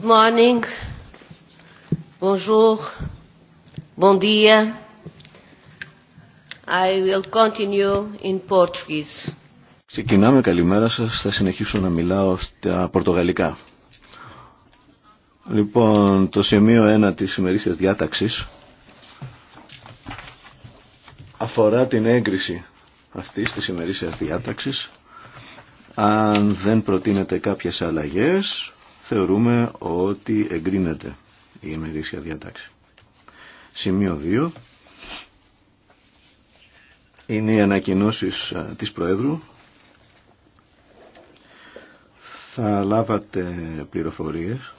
Good morning. Bonjour. I will in Portuguese. Ξεκινάμε καλημέρα σας, θα συνεχίσω να μιλάω στα πορτογαλικά. Λοιπόν, το σημείο 1 της ημερήσιας διάταξης αφορά την έγκριση αυτής της ημερήσιας διάταξης. Αν δεν προτείνετε κάποιες αλλαγές, θεωρούμε ότι εγκρίνεται η ημερήσια διατάξη. Σημείο 2 είναι οι ανακοινώσει ε, της Προέδρου. Θα λάβατε πληροφορίες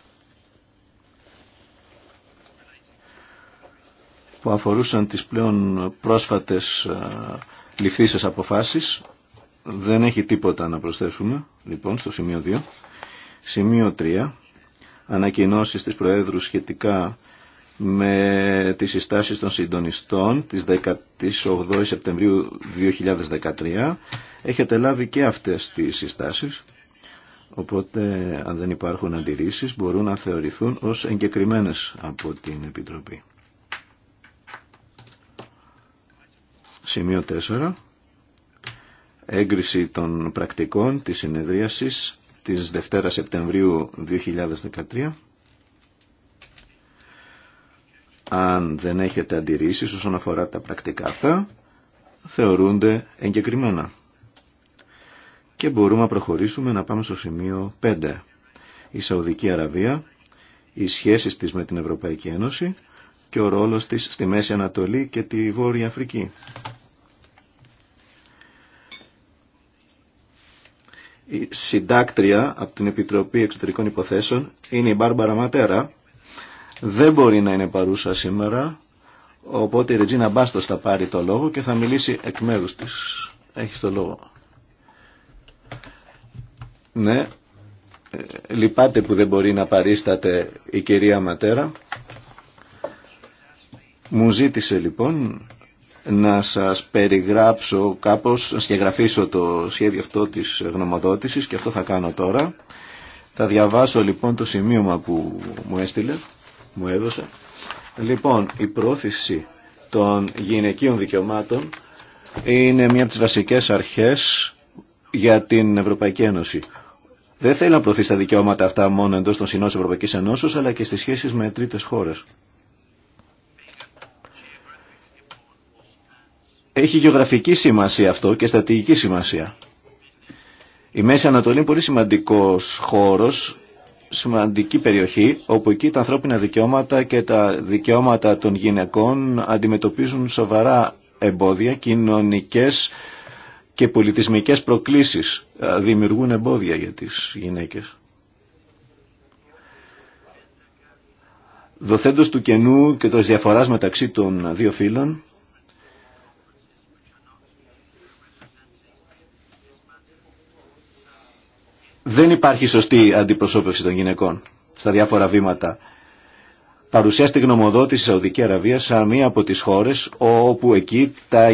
που αφορούσαν τις πλέον πρόσφατες ε, ληφθήσεις αποφάσεις. Δεν έχει τίποτα να προσθέσουμε, λοιπόν, στο σημείο 2. Σημείο 3. Ανακοινώσεις της Προέδρου σχετικά με τις συστάσεις των συντονιστών της 18 Σεπτεμβρίου 2013. Έχετε λάβει και αυτές τις συστάσεις. Οπότε αν δεν υπάρχουν αντιρρήσεις μπορούν να θεωρηθούν ως εγκεκριμένες από την Επιτροπή. Σημείο 4. Έγκριση των πρακτικών της συνεδρίασης της Δευτέρα Σεπτεμβρίου 2013. Αν δεν έχετε αντιρρήσεις όσον αφορά τα πρακτικά αυτά, θεωρούνται εγκεκριμένα. Και μπορούμε να προχωρήσουμε να πάμε στο σημείο 5. Η Σαουδική Αραβία, οι σχέσεις της με την Ευρωπαϊκή Ένωση και ο ρόλος της στη Μέση Ανατολή και τη Βόρεια Αφρική. Η συντάκτρια από την Επιτροπή Εξωτερικών Υποθέσεων είναι η Μπάρμπαρα Ματέρα. Δεν μπορεί να είναι παρούσα σήμερα, οπότε η Ρετζίνα Μπάστος θα πάρει το λόγο και θα μιλήσει εκ μέρους της. Έχεις το λόγο. Ναι, ε, λυπάται που δεν μπορεί να παρίσταται η κυρία Ματέρα. Μου ζήτησε λοιπόν να σας περιγράψω κάπως, να σχεγραφίσω το σχέδιο αυτό της γνωμοδότησης και αυτό θα κάνω τώρα. Θα διαβάσω λοιπόν το σημείωμα που μου έστειλε, μου έδωσε. Λοιπόν, η πρόθεση των γυναικείων δικαιωμάτων είναι μία από τις βασικές αρχές για την Ευρωπαϊκή Ένωση. Δεν θέλει να προωθεί τα δικαιώματα αυτά μόνο εντός των συνόρων της Ευρωπαϊκής Ενώσης αλλά και στις σχέσεις με τρίτες χώρες. Έχει γεωγραφική σημασία αυτό και στρατηγική σημασία. Η Μέση Ανατολή είναι πολύ σημαντικός χώρος, σημαντική περιοχή, όπου εκεί τα ανθρώπινα δικαιώματα και τα δικαιώματα των γυναικών αντιμετωπίζουν σοβαρά εμπόδια, κοινωνικές και πολιτισμικές προκλήσεις ε, δημιουργούν εμπόδια για τις γυναίκες. Δοθέντος του κενού και το διαφορά μεταξύ των δύο φύλων, δεν υπάρχει σωστή αντιπροσώπευση των γυναικών στα διάφορα βήματα. Παρουσιάστηκε γνωμοδότηση στη Σαουδική Αραβία σαν μία από τις χώρες όπου εκεί τα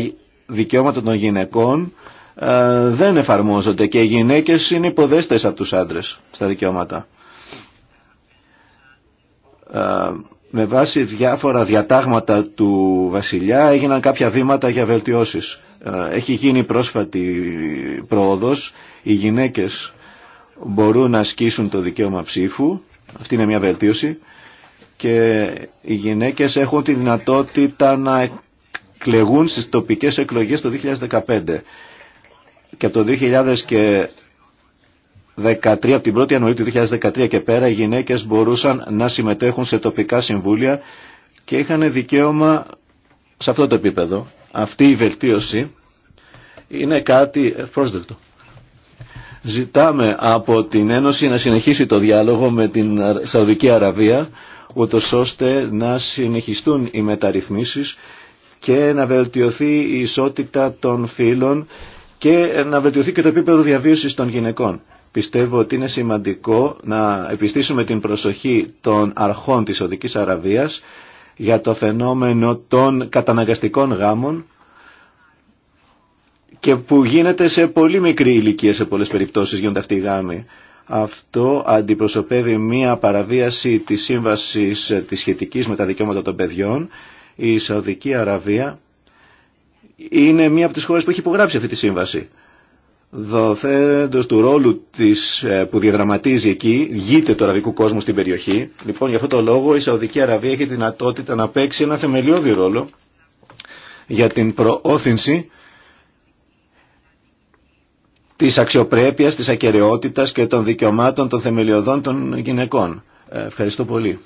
δικαιώματα των γυναικών ε, δεν εφαρμόζονται και οι γυναίκες είναι υποδέστες από τους άντρες στα δικαιώματα. Ε, με βάση διάφορα διατάγματα του βασιλιά έγιναν κάποια βήματα για βελτιώσεις. Ε, έχει γίνει πρόσφατη πρόοδος, οι γυναίκες μπορούν να ασκήσουν το δικαίωμα ψήφου, αυτή είναι μια βελτίωση, και οι γυναίκες έχουν τη δυνατότητα να εκλεγούν στις τοπικές εκλογές το 2015. Και από το 2013, από την 1η Ιανουαρίου του 2013 και πέρα, οι γυναίκες μπορούσαν να συμμετέχουν σε τοπικά συμβούλια και είχαν δικαίωμα σε αυτό το επίπεδο. Αυτή η βελτίωση είναι κάτι ευπρόσδεκτο. Ζητάμε από την Ένωση να συνεχίσει το διάλογο με την Σαουδική Αραβία, ούτω ώστε να συνεχιστούν οι μεταρρυθμίσεις και να βελτιωθεί η ισότητα των φύλων και να βελτιωθεί και το επίπεδο διαβίωσης των γυναικών. Πιστεύω ότι είναι σημαντικό να επιστήσουμε την προσοχή των αρχών της Σαουδικής Αραβίας για το φαινόμενο των καταναγκαστικών γάμων και που γίνεται σε πολύ μικρή ηλικία σε πολλές περιπτώσεις γίνονται αυτοί οι γάμοι. Αυτό αντιπροσωπεύει μία παραβίαση της σύμβασης ε, της σχετικής με τα δικαιώματα των παιδιών. Η Σαουδική Αραβία είναι μία από τις χώρες που έχει υπογράψει αυτή τη σύμβαση. Δοθέντος του ρόλου της, ε, που διαδραματίζει εκεί, γείται το αραβικού κόσμου στην περιοχή. Λοιπόν, για αυτό το λόγο η Σαουδική Αραβία έχει δυνατότητα να παίξει ένα θεμελιώδη ρόλο για την προώθηση της αξιοπρέπειας, της ακαιρεότητας και των δικαιωμάτων των θεμελιωδών των γυναικών. Ε, ευχαριστώ πολύ.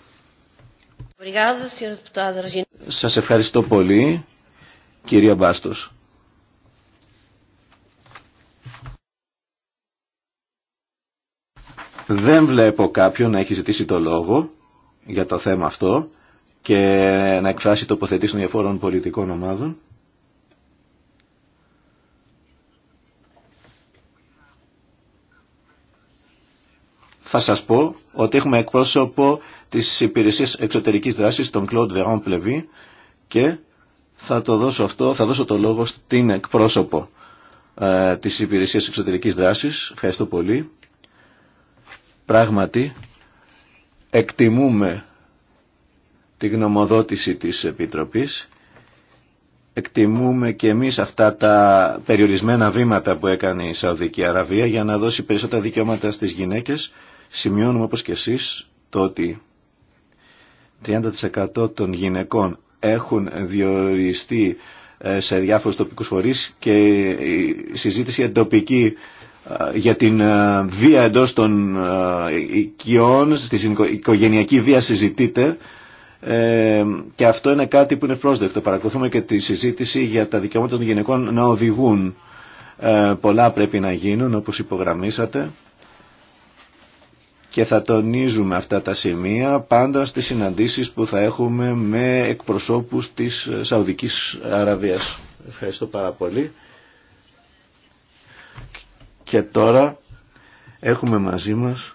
Σας ευχαριστώ πολύ, κυρία Μπάστος. Δεν βλέπω κάποιον να έχει ζητήσει το λόγο για το θέμα αυτό και να εκφράσει τοποθετήσεις των διαφόρων πολιτικών ομάδων. θα σας πω ότι έχουμε εκπρόσωπο της υπηρεσίας εξωτερικής δράσης, τον Claude Βερον Plevy, και θα το δώσω αυτό, θα δώσω το λόγο στην εκπρόσωπο ε, της υπηρεσίας εξωτερικής δράσης. Ευχαριστώ πολύ. Πράγματι, εκτιμούμε τη γνωμοδότηση της Επιτροπής. Εκτιμούμε και εμείς αυτά τα περιορισμένα βήματα που έκανε η Σαουδική Αραβία για να δώσει περισσότερα δικαιώματα στις γυναίκες Σημειώνουμε όπως και εσείς το ότι 30% των γυναικών έχουν διοριστεί ε, σε διάφορους τοπικούς φορείς και η συζήτηση εντοπική ε, για την ε, βία εντός των οικειών, στη οικογενειακή βία συζητείται και αυτό είναι κάτι που είναι πρόσδεκτο. Παρακολουθούμε και τη συζήτηση για τα δικαιώματα των γυναικών να οδηγούν. πολλά πρέπει να γίνουν όπως υπογραμμίσατε και θα τονίζουμε αυτά τα σημεία πάντα στις συναντήσεις που θα έχουμε με εκπροσώπους της Σαουδικής Αραβίας. Ευχαριστώ πάρα πολύ. Και τώρα έχουμε μαζί μας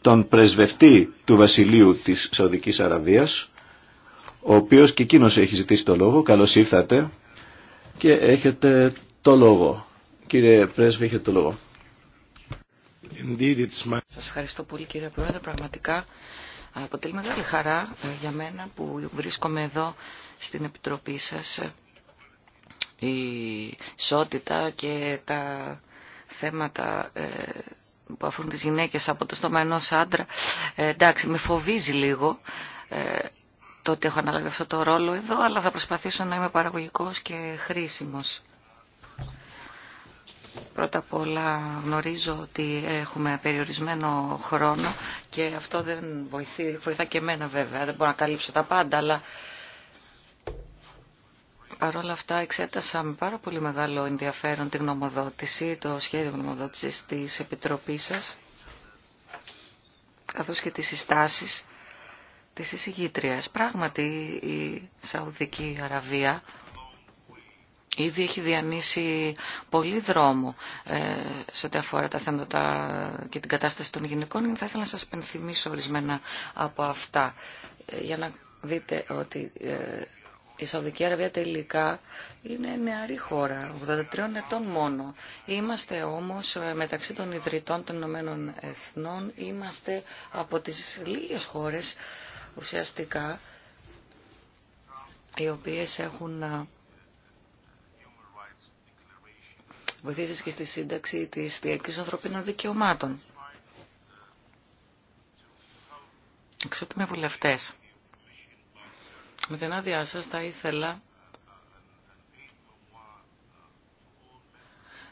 τον πρεσβευτή του Βασιλείου της Σαουδικής Αραβίας, ο οποίος και εκείνο έχει ζητήσει το λόγο. Καλώς ήρθατε και έχετε το λόγο. Κύριε Πρέσβη, έχετε το λόγο. Σας ευχαριστώ πολύ κύριε Πρόεδρε. Πραγματικά αποτελεί μεγάλη χαρά ε, για μένα που βρίσκομαι εδώ στην Επιτροπή σας. Η ισότητα και τα θέματα ε, που αφορούν τις γυναίκες από το στόμα ενός άντρα. Ε, εντάξει, με φοβίζει λίγο το ότι έχω αναλάβει αυτό το ρόλο εδώ, αλλά θα προσπαθήσω να είμαι παραγωγικός και χρήσιμος. Πρώτα απ' όλα γνωρίζω ότι έχουμε περιορισμένο χρόνο και αυτό δεν βοηθεί, βοηθά και εμένα βέβαια. Δεν μπορώ να καλύψω τα πάντα, αλλά παρόλα αυτά εξέτασα με πάρα πολύ μεγάλο ενδιαφέρον τη γνωμοδότηση, το σχέδιο γνωμοδότησης της Επιτροπής σας, καθώς και τις συστάσεις της εισηγήτριας. Πράγματι η Σαουδική Αραβία Ήδη έχει διανύσει πολύ δρόμο ε, σε ό,τι αφορά τα θέματα και την κατάσταση των γυναικών. Θα ήθελα να σας πενθυμίσω ορισμένα από αυτά ε, για να δείτε ότι ε, η Σαουδική Αραβία τελικά είναι νεαρή χώρα, 83 ετών μόνο. Είμαστε όμως μεταξύ των ιδρυτών των Ηνωμένων Εθνών, είμαστε από τις λίγες χώρες ουσιαστικά οι οποίες έχουν βοηθήσεις και στη σύνταξη της διαρκής ανθρωπίνων δικαιωμάτων. με βουλευτές, με την άδειά σας θα ήθελα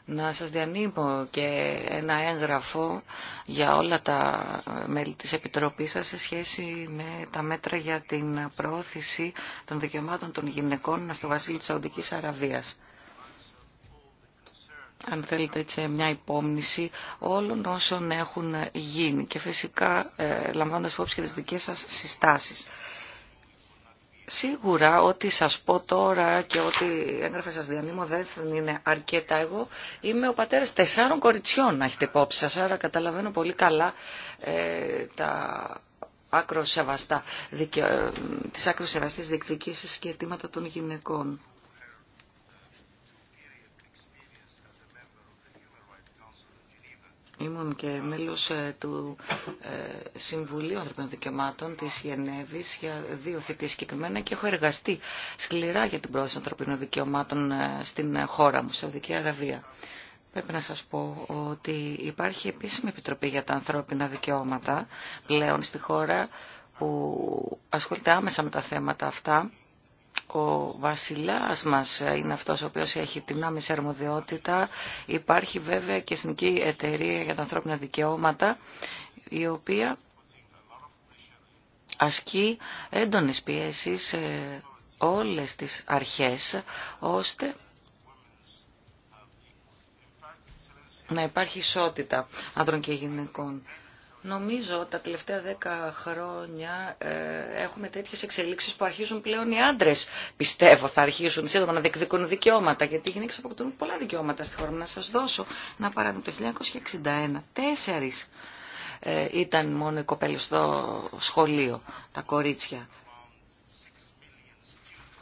να σας διανύμω και ένα έγγραφο για όλα τα μέλη της Επιτροπής σας σε σχέση με τα μέτρα για την προώθηση των δικαιωμάτων των γυναικών στο Βασίλειο της Σαουδικής Αραβίας αν θέλετε έτσι, μια υπόμνηση όλων όσων έχουν γίνει και φυσικά ε, λαμβάνοντας υπόψη και τις δικές σας συστάσεις. Σίγουρα ό,τι σας πω τώρα και ό,τι έγραφε σας διανύμω δεν είναι αρκετά. Εγώ είμαι ο πατέρας τεσσάρων κοριτσιών, να έχετε υπόψη σας, άρα καταλαβαίνω πολύ καλά ε, τα άκρο σεβαστά, δικαι... Ε, τις άκρο σεβαστές διεκδικήσεις και αιτήματα των γυναικών. Ήμουν και μέλος ε, του ε, Συμβουλίου Ανθρωπίνων Δικαιωμάτων της Γενέβης για δύο θητείες συγκεκριμένα και έχω εργαστεί σκληρά για την πρόθεση ανθρωπίνων δικαιωμάτων ε, στην χώρα μου, Σαουδική Αραβία. Πρέπει να σας πω ότι υπάρχει επίσημη επιτροπή για τα ανθρώπινα δικαιώματα πλέον στη χώρα που ασχολείται άμεσα με τα θέματα αυτά ο βασιλιάς μας είναι αυτός ο οποίος έχει την άμεση αρμοδιότητα. Υπάρχει βέβαια και Εθνική Εταιρεία για τα Ανθρώπινα Δικαιώματα, η οποία ασκεί έντονες πιέσεις σε όλες τις αρχές, ώστε να υπάρχει ισότητα άντρων και γυναικών Νομίζω τα τελευταία δέκα χρόνια ε, έχουμε τέτοιες εξελίξεις που αρχίζουν πλέον οι άντρε Πιστεύω θα αρχίσουν σύντομα να διεκδικούν δικαιώματα, γιατί οι γυναίκες αποκτούν πολλά δικαιώματα στη χώρα Να σας δώσω ένα παράδειγμα. Το 1961, Τέσσερι ε, ήταν μόνο οι κοπέλες στο σχολείο, τα κορίτσια.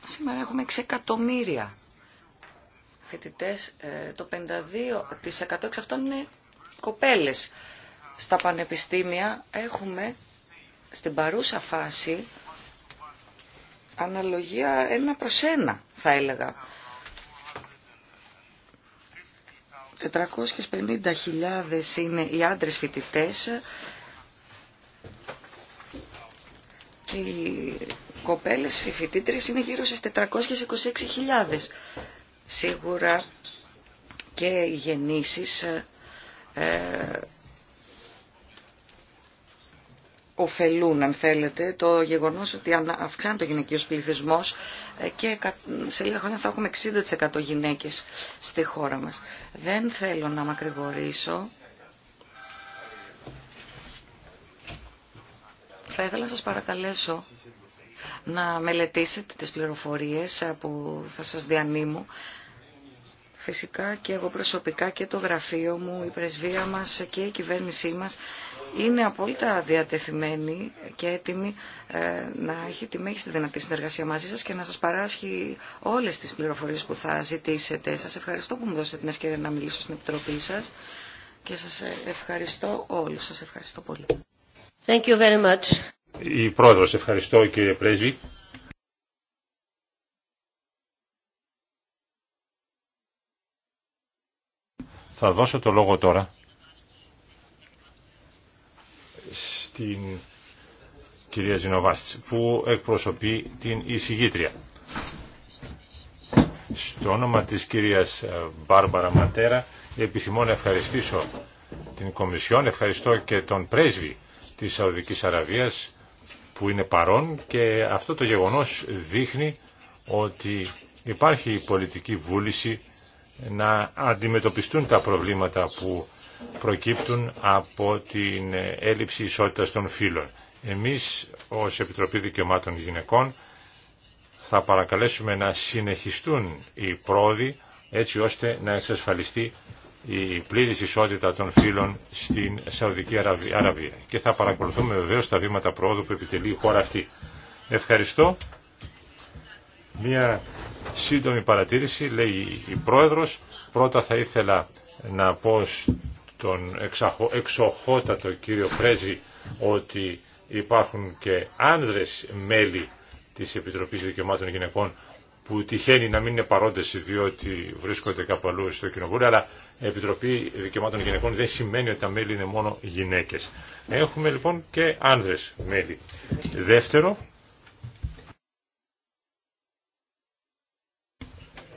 Σήμερα έχουμε 6 εκατομμύρια φοιτητές, ε, το 52% εξ αυτών είναι κοπέλες στα πανεπιστήμια έχουμε στην παρούσα φάση αναλογία ένα προς ένα θα έλεγα. 450.000 είναι οι άντρες φοιτητές και οι κοπέλες οι φοιτήτρες είναι γύρω στις 426.000. Σίγουρα και οι γεννήσεις ε, ωφελούν, αν θέλετε, το γεγονός ότι αυξάνεται ο γυναικείος πληθυσμός ε, και σε λίγα χρόνια θα έχουμε 60% γυναίκες στη χώρα μας. Δεν θέλω να μακρηγορήσω. Θα ήθελα να σας παρακαλέσω να μελετήσετε τις πληροφορίες που θα σας διανύμω Φυσικά και εγώ προσωπικά και το γραφείο μου, η πρεσβεία μας και η κυβέρνησή μας είναι απόλυτα διατεθειμένη και έτοιμη ε, να έχει τη μέγιστη δυνατή συνεργασία μαζί σας και να σας παράσχει όλες τις πληροφορίες που θα ζητήσετε. Σας ευχαριστώ που μου δώσετε την ευκαιρία να μιλήσω στην Επιτροπή σας και σας ε, ευχαριστώ όλους. Σας ευχαριστώ πολύ. Thank you very much. Η Πρόεδρος, ευχαριστώ κύριε Πρέσβη. Θα δώσω το λόγο τώρα στην κυρία Ζινοβάστη που εκπροσωπεί την εισηγήτρια. Στο όνομα της κυρίας Μπάρμπαρα Ματέρα επιθυμώ να ευχαριστήσω την Κομισιόν, ευχαριστώ και τον πρέσβη της Σαουδικής Αραβίας που είναι παρόν και αυτό το γεγονός δείχνει ότι υπάρχει πολιτική βούληση να αντιμετωπιστούν τα προβλήματα που προκύπτουν από την έλλειψη ισότητας των φύλων. Εμείς ως Επιτροπή Δικαιωμάτων Γυναικών θα παρακαλέσουμε να συνεχιστούν οι πρόοδοι έτσι ώστε να εξασφαλιστεί η πλήρης ισότητα των φύλων στην Σαουδική Αραβία. Και θα παρακολουθούμε βεβαίως τα βήματα προόδου που επιτελεί η χώρα αυτή. Ευχαριστώ. Μία σύντομη παρατήρηση, λέει η Πρόεδρος. Πρώτα θα ήθελα να πω στον εξοχότατο κύριο Πρέζη ότι υπάρχουν και άνδρες μέλη της Επιτροπής Δικαιωμάτων Γυναικών που τυχαίνει να μην είναι παρόντες διότι βρίσκονται κάπου αλλού στο Κοινοβούλιο, αλλά η Επιτροπή Δικαιωμάτων Γυναικών δεν σημαίνει ότι τα μέλη είναι μόνο γυναίκες. Έχουμε λοιπόν και άνδρες μέλη. Δεύτερο,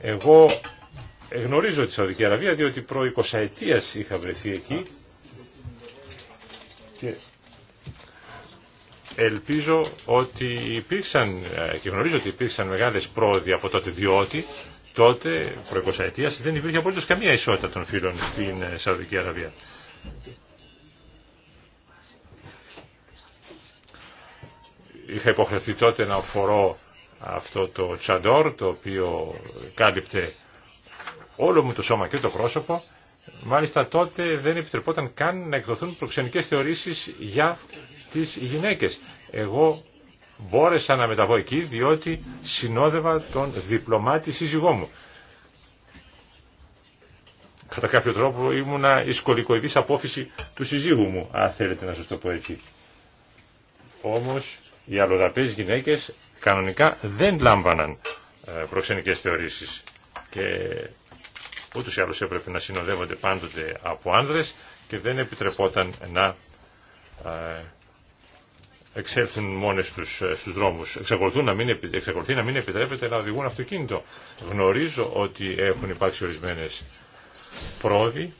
Εγώ γνωρίζω τη Σαουδική Αραβία διότι προ 20 ετίας είχα βρεθεί εκεί και ελπίζω ότι υπήρξαν ε, και γνωρίζω ότι υπήρξαν μεγάλες πρόοδοι από τότε διότι τότε προ 20 ετίας δεν υπήρχε απολύτως καμία ισότητα των φίλων στην ε, Σαουδική Αραβία. Είχα υποχρεωθεί τότε να φορώ αυτό το τσαντόρ το οποίο κάλυπτε όλο μου το σώμα και το πρόσωπο μάλιστα τότε δεν επιτρεπόταν καν να εκδοθούν προξενικές θεωρήσεις για τις γυναίκες εγώ μπόρεσα να μεταβώ εκεί διότι συνόδευα τον διπλωμάτη σύζυγό μου κατά κάποιο τρόπο ήμουνα η σκολικοειδής απόφυση του συζύγου μου αν θέλετε να σας το πω έτσι όμως οι αλλοδαπές γυναίκες κανονικά δεν λάμβαναν ε, προξενικές θεωρήσεις και ούτως ή άλλως έπρεπε να συνοδεύονται πάντοτε από άνδρες και δεν επιτρεπόταν να ε, εξέλθουν μόνες τους ε, στους δρόμους. Εξακολουθούν να μην, εξακολουθεί να μην επιτρέπεται να οδηγούν αυτοκίνητο. Γνωρίζω ότι έχουν υπάρξει ορισμένες πρόοδοι,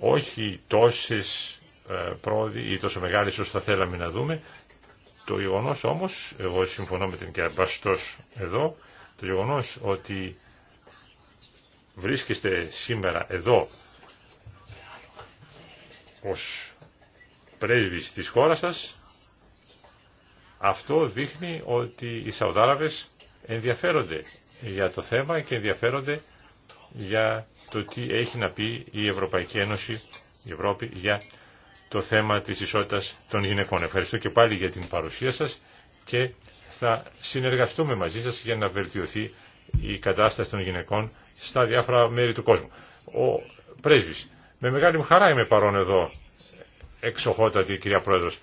όχι τόσες πρόοδοι ή τόσο μεγάλες όσο θα θέλαμε να δούμε το γεγονός όμως, εγώ συμφωνώ με την κυρία εδώ, το γεγονός ότι βρίσκεστε σήμερα εδώ ως πρέσβης της χώρας σας, αυτό δείχνει ότι οι Σαουδάραβες ενδιαφέρονται για το θέμα και ενδιαφέρονται για το τι έχει να πει η Ευρωπαϊκή Ένωση, η Ευρώπη, για το θέμα της ισότητας των γυναικών. Ευχαριστώ και πάλι για την παρουσία σας και θα συνεργαστούμε μαζί σας για να βελτιωθεί η κατάσταση των γυναικών στα διάφορα μέρη του κόσμου. Ο πρέσβης, με μεγάλη μου χαρά είμαι παρόν εδώ, εξοχότατη κυρία Πρόεδρος.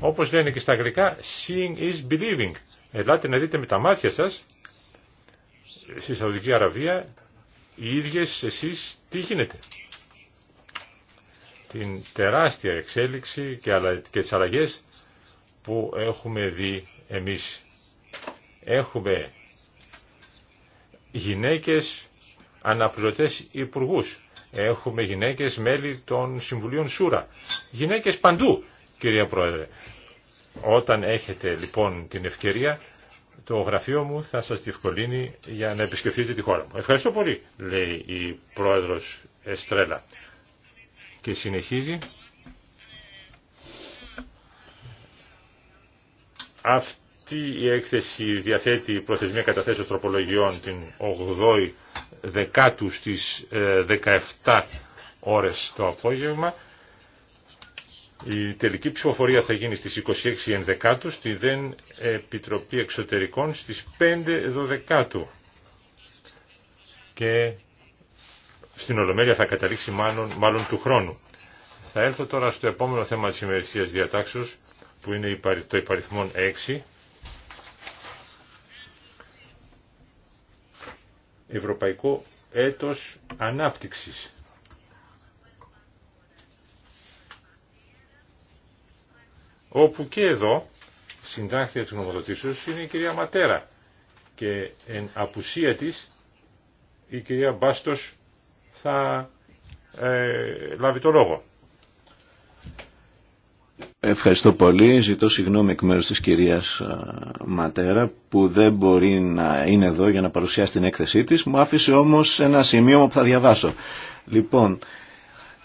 Όπως λένε και στα αγγλικά, seeing is believing. Ελάτε να δείτε με τα μάτια σας, στη Σαουδική Αραβία, οι ίδιες εσείς τι γίνεται την τεράστια εξέλιξη και τις αλλαγές που έχουμε δει εμείς. Έχουμε γυναίκες αναπληρωτές υπουργούς. Έχουμε γυναίκες μέλη των Συμβουλίων Σούρα. Γυναίκες παντού, κυρία Πρόεδρε. Όταν έχετε λοιπόν την ευκαιρία, το γραφείο μου θα σας διευκολύνει για να επισκεφτείτε τη χώρα μου. Ευχαριστώ πολύ, λέει η Πρόεδρος Εστρέλα. Και συνεχίζει. Αυτή η έκθεση διαθέτει προθεσμία καταθέσεως τροπολογιών την 8η δεκάτου στις 17 ε, ώρες το απόγευμα. Η τελική ψηφοφορία θα γίνει στις 26 ενδεκάτου στη ΔΕΝ Επιτροπή Εξωτερικών στις 5 δωδεκάτου. Και στην Ολομέλεια θα καταλήξει μάλλον, του χρόνου. Θα έρθω τώρα στο επόμενο θέμα της ημερησίας διατάξεως που είναι το υπαριθμό 6. Ευρωπαϊκό έτος ανάπτυξης. Όπου και εδώ συντάχθεια της γνωμοδοτήσεως είναι η κυρία Ματέρα και εν απουσία της η κυρία Μπάστος θα ε, λάβει το λόγο. Ευχαριστώ πολύ. Ζητώ συγγνώμη εκ μέρους της κυρίας ε, Ματέρα που δεν μπορεί να είναι εδώ για να παρουσιάσει την έκθεσή της. Μου άφησε όμως ένα σημείο που θα διαβάσω. Λοιπόν,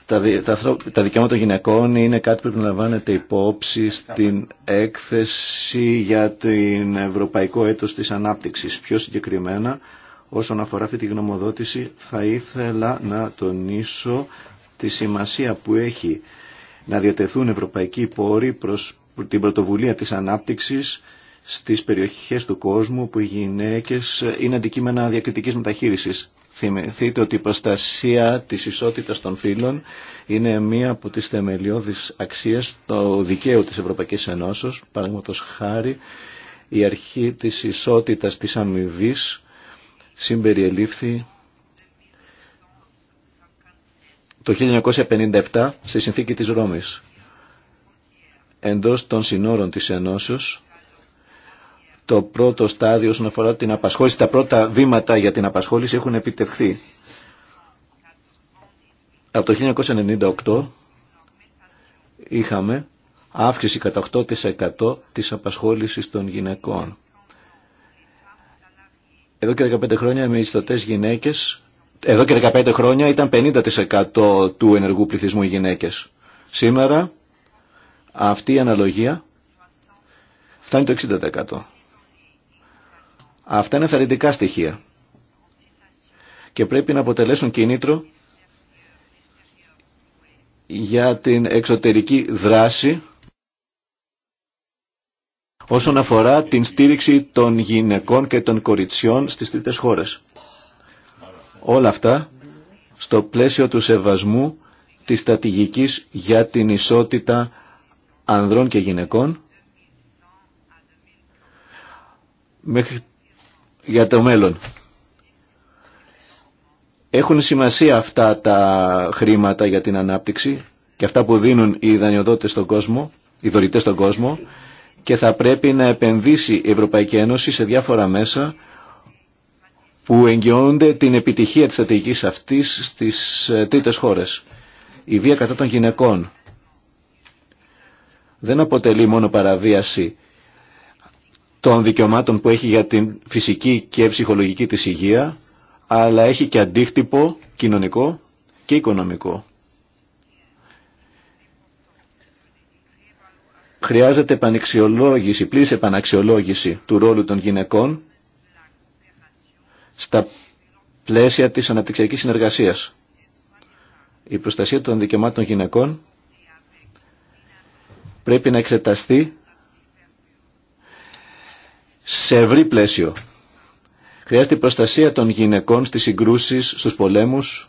τα, τα, τα δικαιώματα γυναικών είναι κάτι που πρέπει να λαμβάνεται υπόψη στην έκθεση για την Ευρωπαϊκό Έτος της Ανάπτυξης. Πιο συγκεκριμένα Όσον αφορά αυτή τη γνωμοδότηση θα ήθελα να τονίσω τη σημασία που έχει να διατεθούν ευρωπαϊκοί πόροι προς την πρωτοβουλία της ανάπτυξης στις περιοχές του κόσμου που οι γυναίκες είναι αντικείμενα διακριτικής μεταχείρισης. Θυμηθείτε ότι η προστασία της ισότητας των φύλων είναι μία από τις θεμελιώδεις αξίες του δικαίου της Ευρωπαϊκής Ενώσεως, παραδείγματος χάρη η αρχή της ισότητας της αμοιβή συμπεριελήφθη το 1957 στη συνθήκη της Ρώμης εντός των συνόρων της Ενώσεως το πρώτο στάδιο όσον αφορά την απασχόληση, τα πρώτα βήματα για την απασχόληση έχουν επιτευχθεί. Από το 1998 είχαμε αύξηση κατά 8% της απασχόλησης των γυναικών. Εδώ και 15 χρόνια οι μισθωτές γυναίκες, εδώ και 15 χρόνια ήταν 50% του ενεργού πληθυσμού οι γυναίκες. Σήμερα αυτή η αναλογία φτάνει το 60%. Αυτά είναι θερητικά στοιχεία και πρέπει να αποτελέσουν κίνητρο για την εξωτερική δράση όσον αφορά την στήριξη των γυναικών και των κοριτσιών στις τρίτες χώρες. Όλα αυτά στο πλαίσιο του σεβασμού της στρατηγικής για την ισότητα ανδρών και γυναικών για το μέλλον. Έχουν σημασία αυτά τα χρήματα για την ανάπτυξη και αυτά που δίνουν οι δανειοδότες στον κόσμο, οι δωρητές στον κόσμο και θα πρέπει να επενδύσει η Ευρωπαϊκή Ένωση σε διάφορα μέσα που εγγυώνονται την επιτυχία της αυτής στις ε, τρίτες χώρες. Η βία κατά των γυναικών δεν αποτελεί μόνο παραβίαση των δικαιωμάτων που έχει για την φυσική και ψυχολογική της υγεία, αλλά έχει και αντίκτυπο κοινωνικό και οικονομικό. Χρειάζεται επανεξιολόγηση, πλήρης επαναξιολόγηση του ρόλου των γυναικών στα πλαίσια της αναπτυξιακής συνεργασίας. Η προστασία των δικαιωμάτων γυναικών πρέπει να εξεταστεί σε ευρύ πλαίσιο. Χρειάζεται η προστασία των γυναικών στις συγκρούσεις, στους πολέμους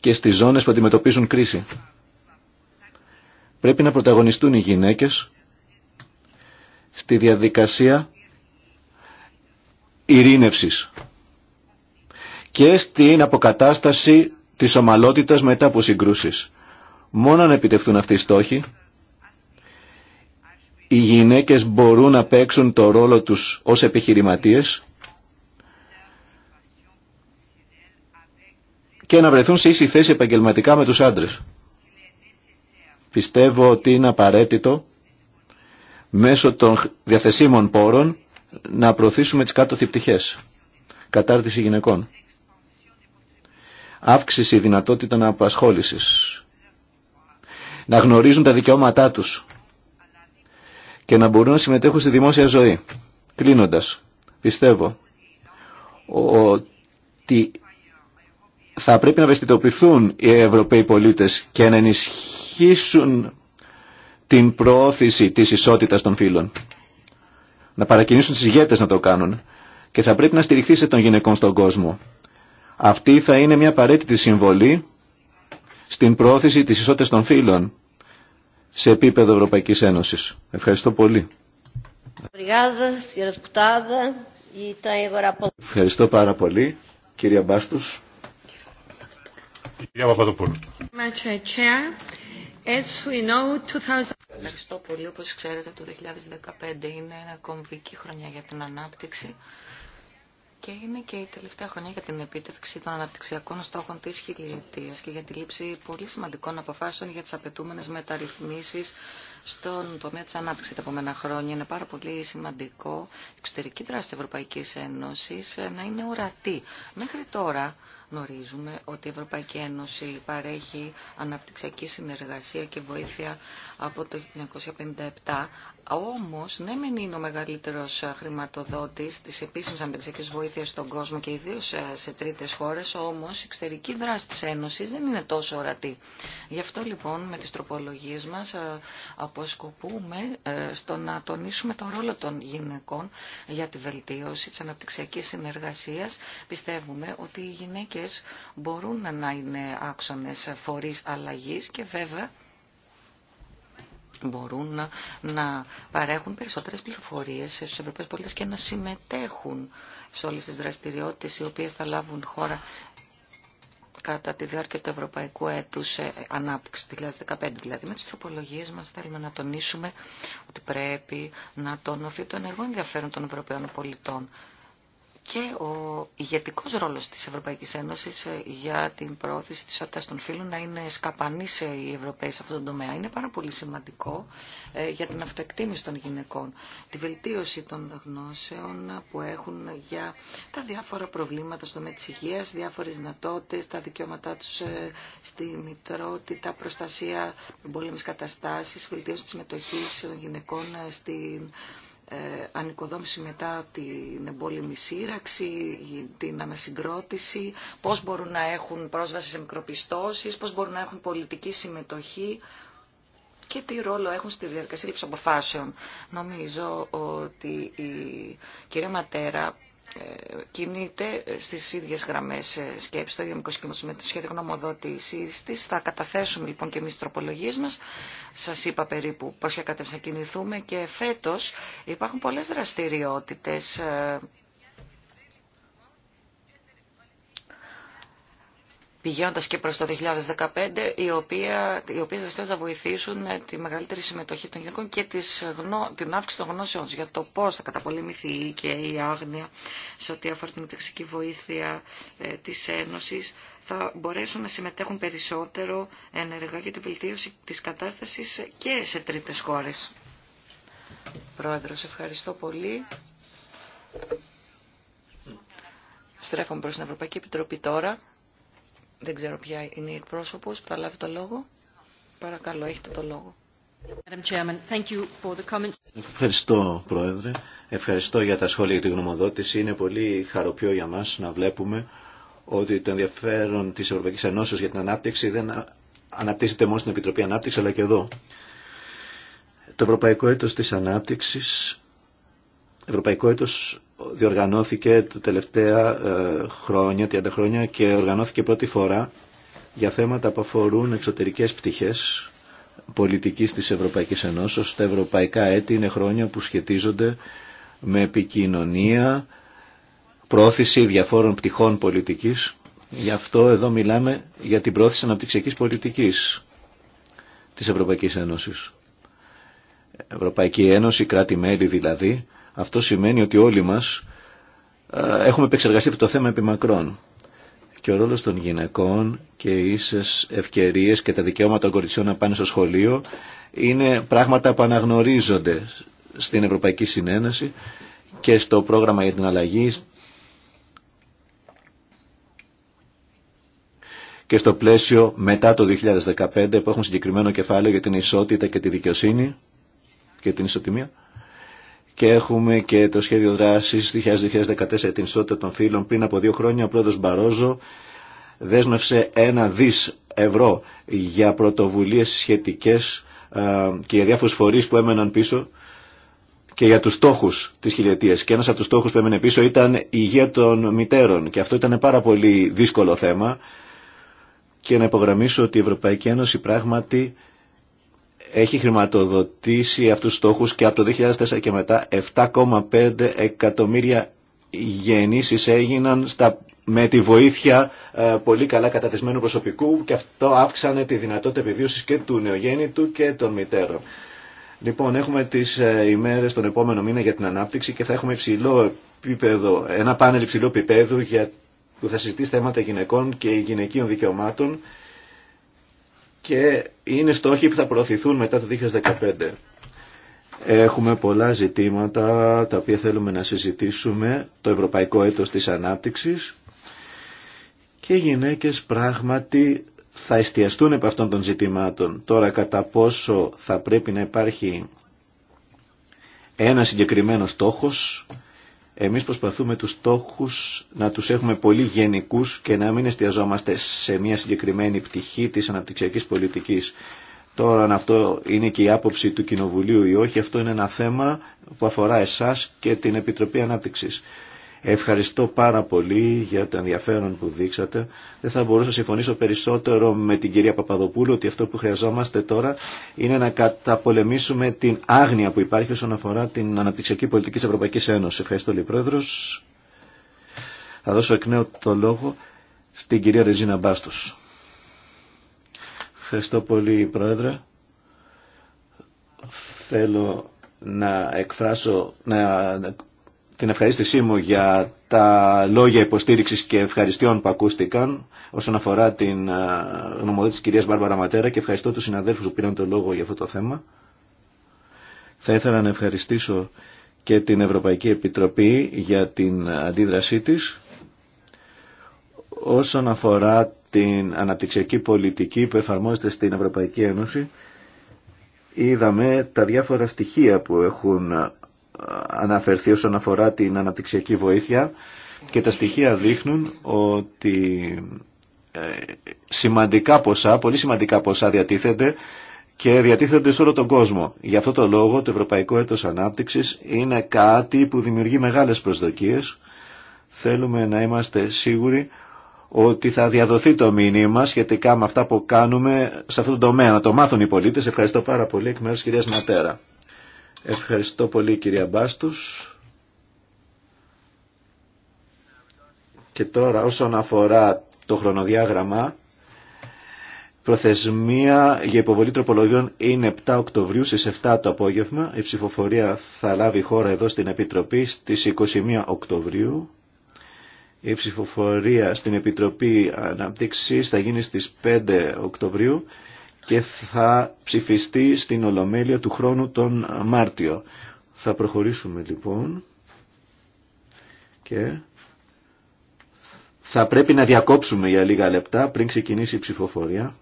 και στις ζώνες που αντιμετωπίζουν κρίση. Πρέπει να πρωταγωνιστούν οι γυναίκες στη διαδικασία ειρήνευσης και στην αποκατάσταση της ομαλότητας μετά από συγκρούσεις. Μόνο αν επιτευχθούν αυτοί οι στόχοι, οι γυναίκες μπορούν να παίξουν το ρόλο τους ως επιχειρηματίες και να βρεθούν σε ίση θέση επαγγελματικά με τους άντρες. Πιστεύω ότι είναι απαραίτητο μέσω των διαθεσίμων πόρων να προωθήσουμε τις κάτω πτυχές. Κατάρτιση γυναικών. Αύξηση δυνατότητων απασχόλησης. Να γνωρίζουν τα δικαιώματά τους και να μπορούν να συμμετέχουν στη δημόσια ζωή. Κλείνοντας, πιστεύω ότι θα πρέπει να βεστιτοποιηθούν οι Ευρωπαίοι πολίτες και να ενισχύσουν συνεχίσουν την προώθηση της ισότητας των φίλων Να παρακινήσουν τις ηγέτες να το κάνουν. Και θα πρέπει να στηριχθεί σε των γυναικών στον κόσμο. Αυτή θα είναι μια απαραίτητη συμβολή στην προώθηση της ισότητας των φίλων σε επίπεδο Ευρωπαϊκής Ένωσης. Ευχαριστώ πολύ. Ευχαριστώ πάρα πολύ, κυρία Μπάστους. Κυρία Παπαδοπούλου. As Ευχαριστώ πολύ. Όπως ξέρετε, το 2015 είναι ένα κομβική χρονιά για την ανάπτυξη και είναι και η τελευταία χρονιά για την επίτευξη των αναπτυξιακών στόχων της χιλιετίας και για τη λήψη πολύ σημαντικών αποφάσεων για τις απαιτούμενες μεταρρυθμίσεις στον τομέα της ανάπτυξης τα επόμενα χρόνια. Είναι πάρα πολύ σημαντικό η εξωτερική δράση της Ευρωπαϊκής Ένωσης να είναι ορατή. Μέχρι τώρα γνωρίζουμε ότι η Ευρωπαϊκή Ένωση παρέχει αναπτυξιακή συνεργασία και βοήθεια από το 1957. Όμως, ναι μεν είναι ο μεγαλύτερος χρηματοδότης της επίσημης αναπτυξιακής βοήθειας στον κόσμο και ιδίως ε, σε τρίτες χώρες, όμως η εξωτερική δράση της Ένωσης δεν είναι τόσο ορατή. Γι' αυτό λοιπόν με τις τροπολογίες μας ε, αποσκοπούμε ε, στο να τονίσουμε τον ρόλο των γυναικών για τη βελτίωση της αναπτυξιακής συνεργασίας. Πιστεύουμε ότι οι γυναίκε μπορούν να είναι άξονες φορείς αλλαγής και βέβαια μπορούν να, να παρέχουν περισσότερες πληροφορίες στους Ευρωπαίους πολίτες και να συμμετέχουν σε όλες τις δραστηριότητες οι οποίες θα λάβουν χώρα κατά τη διάρκεια του Ευρωπαϊκού Έτους ε, Ανάπτυξης 2015. Δηλαδή με τις τροπολογίες μας θέλουμε να τονίσουμε ότι πρέπει να τονωθεί το ενεργό ενδιαφέρον των Ευρωπαίων πολιτών και ο ηγετικό ρόλος της Ευρωπαϊκής Ένωσης ε, για την προώθηση της ισότητας των φύλων να είναι σε οι Ευρωπαίοι σε αυτόν τον τομέα. Είναι πάρα πολύ σημαντικό ε, για την αυτοεκτίμηση των γυναικών, τη βελτίωση των γνώσεων που έχουν για τα διάφορα προβλήματα στο τομέα τη υγεία, διάφορες δυνατότητε, τα δικαιώματά τους ε, στη μητρότητα, προστασία των καταστάσει, βελτίωση τη συμμετοχή των γυναικών στην ε, ανοικοδόμηση μετά την εμπόλεμη σύραξη, την ανασυγκρότηση, πώς μπορούν να έχουν πρόσβαση σε μικροπιστώσεις, πώς μπορούν να έχουν πολιτική συμμετοχή και τι ρόλο έχουν στη διαδικασία λήψη αποφάσεων. Νομίζω ότι η κυρία Ματέρα ε, κινείται στις ίδιες γραμμές ε, σκέψης, το ίδιο μικρό με το σχέδιο γνωμοδότησής της. Θα καταθέσουμε λοιπόν και εμείς τροπολογίες μας. Σας είπα περίπου πώς για κατεύθυνση να κινηθούμε και φέτος υπάρχουν πολλές δραστηριότητες ε, πηγαίνοντας και προς το 2015, οι, οποία, οι οποίες θα βοηθήσουν ε, τη μεγαλύτερη συμμετοχή των γυναικών και την αύξηση των γνώσεων για το πώς θα καταπολεμηθεί και η άγνοια σε ό,τι αφορά την υπηρεξική βοήθεια ε, της Ένωσης, θα μπορέσουν να συμμετέχουν περισσότερο ενεργά για την βελτίωση της κατάστασης και σε τρίτες χώρες. Πρόεδρος, ευχαριστώ πολύ. Στρέφομαι προς την Ευρωπαϊκή Επιτροπή τώρα. Δεν ξέρω ποια είναι η πρόσωπος που θα λάβει το λόγο. Παρακαλώ, έχετε το λόγο. Ευχαριστώ, Πρόεδρε. Ευχαριστώ για τα σχόλια και τη γνωμοδότηση. Είναι πολύ χαροπιό για μα να βλέπουμε ότι το ενδιαφέρον τη Ευρωπαϊκή Ενώσεω για την ανάπτυξη δεν αναπτύσσεται μόνο στην Επιτροπή Ανάπτυξη αλλά και εδώ. Το Ευρωπαϊκό Έτος της Ανάπτυξης Ευρωπαϊκό Έτος διοργανώθηκε τα τελευταία ε, χρόνια, 30 χρόνια και οργανώθηκε πρώτη φορά για θέματα που αφορούν εξωτερικές πτυχές πολιτικής της Ευρωπαϊκής Ενώσεως. Τα ευρωπαϊκά έτη είναι χρόνια που σχετίζονται με επικοινωνία, πρόθεση διαφόρων πτυχών πολιτικής. Γι' αυτό εδώ μιλάμε για την πρόθεση αναπτυξιακής πολιτικής της Ευρωπαϊκής Ένωσης. Ευρωπαϊκή Ένωση, κράτη-μέλη δηλαδή, αυτό σημαίνει ότι όλοι μας έχουμε επεξεργαστεί αυτό το θέμα επί μακρών. Και ο ρόλος των γυναικών και οι ίσες ευκαιρίες και τα δικαιώματα των κοριτσιών να πάνε στο σχολείο είναι πράγματα που αναγνωρίζονται στην Ευρωπαϊκή Συνένεση και στο πρόγραμμα για την αλλαγή και στο πλαίσιο μετά το 2015 που έχουν συγκεκριμένο κεφάλαιο για την ισότητα και τη δικαιοσύνη και την ισοτιμία και έχουμε και το σχέδιο δράσης 2014 την ισότητα των φύλων. Πριν από δύο χρόνια ο πρόεδρος Μπαρόζο δέσμευσε ένα δις ευρώ για πρωτοβουλίες σχετικές και για διάφορου φορεί που έμεναν πίσω και για τους στόχους της χιλιετίας. Και ένας από τους στόχους που έμενε πίσω ήταν η υγεία των μητέρων και αυτό ήταν πάρα πολύ δύσκολο θέμα και να υπογραμμίσω ότι η Ευρωπαϊκή Ένωση πράγματι έχει χρηματοδοτήσει αυτούς τους στόχους και από το 2004 και μετά 7,5 εκατομμύρια γεννήσεις έγιναν στα, με τη βοήθεια ε, πολύ καλά κατατεσμένου προσωπικού και αυτό αύξανε τη δυνατότητα επιβίωσης και του νεογέννητου και των μητέρων. Λοιπόν, έχουμε τις ε, ημέρες τον επόμενο μήνα για την ανάπτυξη και θα έχουμε υψηλό επίπεδο, ένα πάνελ υψηλού επίπεδου για, που θα συζητήσει θέματα γυναικών και γυναικείων δικαιωμάτων και είναι στόχοι που θα προωθηθούν μετά το 2015. Έχουμε πολλά ζητήματα τα οποία θέλουμε να συζητήσουμε, το Ευρωπαϊκό Έτος της Ανάπτυξης και οι γυναίκες πράγματι θα εστιαστούν από αυτών των ζητημάτων. Τώρα κατά πόσο θα πρέπει να υπάρχει ένα συγκεκριμένο στόχος εμείς προσπαθούμε τους στόχους να τους έχουμε πολύ γενικούς και να μην εστιαζόμαστε σε μια συγκεκριμένη πτυχή της αναπτυξιακής πολιτικής. Τώρα αν αυτό είναι και η άποψη του Κοινοβουλίου ή όχι, αυτό είναι ένα θέμα που αφορά εσάς και την Επιτροπή Ανάπτυξης. Ευχαριστώ πάρα πολύ για το ενδιαφέρον που δείξατε. Δεν θα μπορούσα να συμφωνήσω περισσότερο με την κυρία Παπαδοπούλου ότι αυτό που χρειαζόμαστε τώρα είναι να καταπολεμήσουμε την άγνοια που υπάρχει όσον αφορά την αναπτυξιακή πολιτική της Ευρωπαϊκής Ένωσης. Ευχαριστώ πολύ Πρόεδρος. Θα δώσω εκ νέου το λόγο στην κυρία Ρεζίνα Μπάστος. Ευχαριστώ πολύ Πρόεδρε. Θέλω να εκφράσω, να την ευχαρίστησή μου για τα λόγια υποστήριξης και ευχαριστειών που ακούστηκαν όσον αφορά την ε, γνωμοδότηση της κυρίας Μπάρμπαρα Ματέρα και ευχαριστώ τους συναδέλφους που πήραν το λόγο για αυτό το θέμα. Θα ήθελα να ευχαριστήσω και την Ευρωπαϊκή Επιτροπή για την αντίδρασή της όσον αφορά την αναπτυξιακή πολιτική που εφαρμόζεται στην Ευρωπαϊκή Ένωση είδαμε τα διάφορα στοιχεία που έχουν αναφερθεί όσον αφορά την αναπτυξιακή βοήθεια και τα στοιχεία δείχνουν ότι ε, σημαντικά ποσά, πολύ σημαντικά ποσά διατίθενται και διατίθενται σε όλο τον κόσμο. Γι' αυτό το λόγο το Ευρωπαϊκό Έτος Ανάπτυξης είναι κάτι που δημιουργεί μεγάλες προσδοκίες. Θέλουμε να είμαστε σίγουροι ότι θα διαδοθεί το μήνυμα σχετικά με αυτά που κάνουμε σε αυτό το τομέα. Να το μάθουν οι πολίτες. Ευχαριστώ πάρα πολύ εκ μέρους κυρίας Ματέρα. Ευχαριστώ πολύ κυρία Μπάστους. Και τώρα όσον αφορά το χρονοδιάγραμμα, προθεσμία για υποβολή τροπολογιών είναι 7 Οκτωβρίου στις 7 το απόγευμα. Η ψηφοφορία θα λάβει χώρα εδώ στην Επιτροπή στις 21 Οκτωβρίου. Η ψηφοφορία στην Επιτροπή Αναπτύξης θα γίνει στις 5 Οκτωβρίου και θα ψηφιστεί στην Ολομέλεια του χρόνου τον Μάρτιο. Θα προχωρήσουμε λοιπόν και θα πρέπει να διακόψουμε για λίγα λεπτά πριν ξεκινήσει η ψηφοφορία.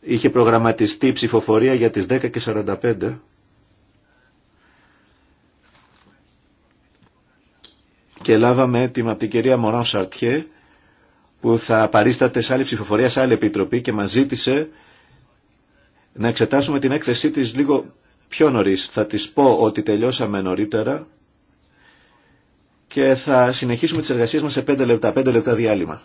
Είχε προγραμματιστεί η ψηφοφορία για τις 10.45 και λάβαμε έτοιμα από την κυρία Μωράν Σαρτιέ που θα παρίσταται σε άλλη ψηφοφορία, σε άλλη επιτροπή και μας ζήτησε να εξετάσουμε την έκθεσή της λίγο πιο νωρίς. Θα της πω ότι τελειώσαμε νωρίτερα και θα συνεχίσουμε τις εργασίες μας σε 5 λεπτά, 5 λεπτά διάλειμμα.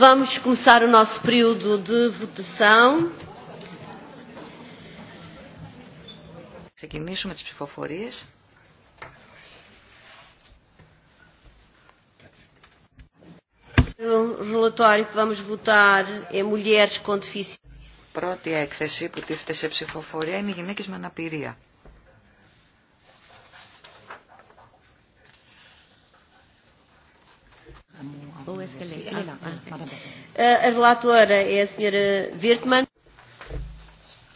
Vamos começar o nosso período de votação. Ξεκινήσουμε τις ψηφοφορίες. Um Πρώτη έκθεση που τίθεται σε ψηφοφορία είναι οι γυναίκες με αναπηρία. a relatora é a senhora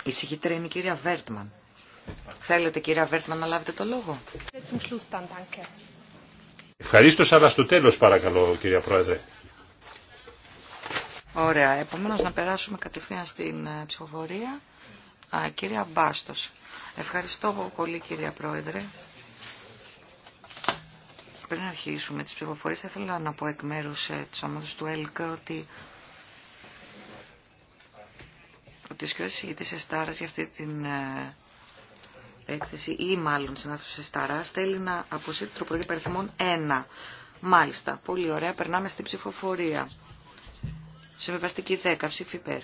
Η συγκίτρια είναι η κυρία Βέρτμαν. Θέλετε κυρία Βέρτμαν να λάβετε το λόγο. Ευχαρίστω, αλλά στο τέλος παρακαλώ κυρία Πρόεδρε. Ωραία. Επομένως να περάσουμε κατευθείαν στην ε, ψηφοφορία. Α, κυρία Μπάστος. Ευχαριστώ πολύ κυρία Πρόεδρε. Πριν αρχίσουμε τις ψηφοφορίες, θα ήθελα να πω εκ μέρους ε, της ομάδας του ΕΛΚΑ ότι τη ο σκιώδης για αυτή την ε, έκθεση ή μάλλον συνάδελφος Εστάρα, θέλει να αποσύρει το τροπολογία περιθυμών 1. Μάλιστα, πολύ ωραία, περνάμε στην ψηφοφορία. Συμβεβαστική 10, ψήφι υπέρ.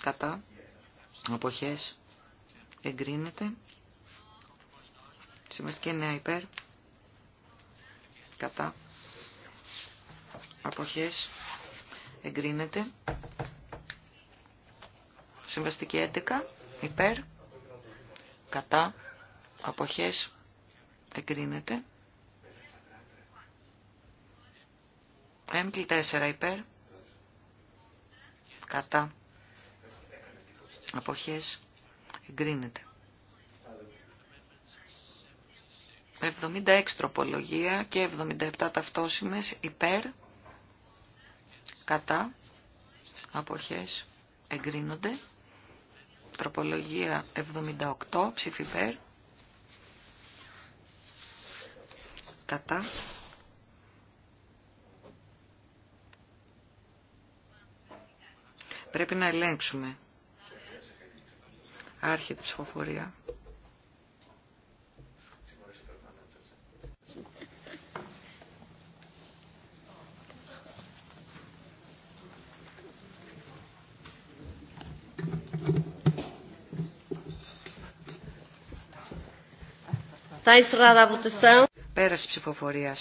Κατά. αποχε Εγκρίνεται. Συμβαστική 9 υπέρ. Κατά. Αποχές. Εγκρίνεται. Συμβαστική 11 υπέρ κατά αποχές εγκρίνεται. Έμπλη 4 υπέρ κατά αποχές εγκρίνεται. 76 τροπολογία και 77 ταυτόσημες υπέρ, κατά, αποχές, εγκρίνονται. Τροπολογία 78, ψήφι Κατά. Πρέπει να ελέγξουμε. Άρχεται ψηφοφορία. Πέραση ψηφοφορία.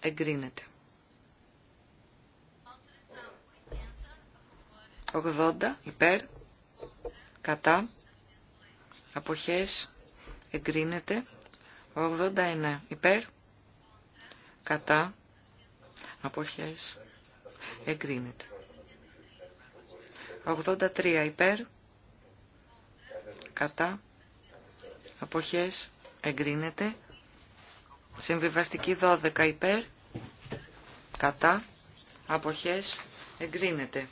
Εγκρίνεται. 80 υπέρ. Κατά. Αποχές. Εγκρίνεται. 81 υπέρ. Κατά. Αποχές. Εγκρίνεται. 83 υπέρ κατά αποχές εγκρίνεται. Συμβιβαστική 12 υπέρ κατά αποχές εγκρίνεται.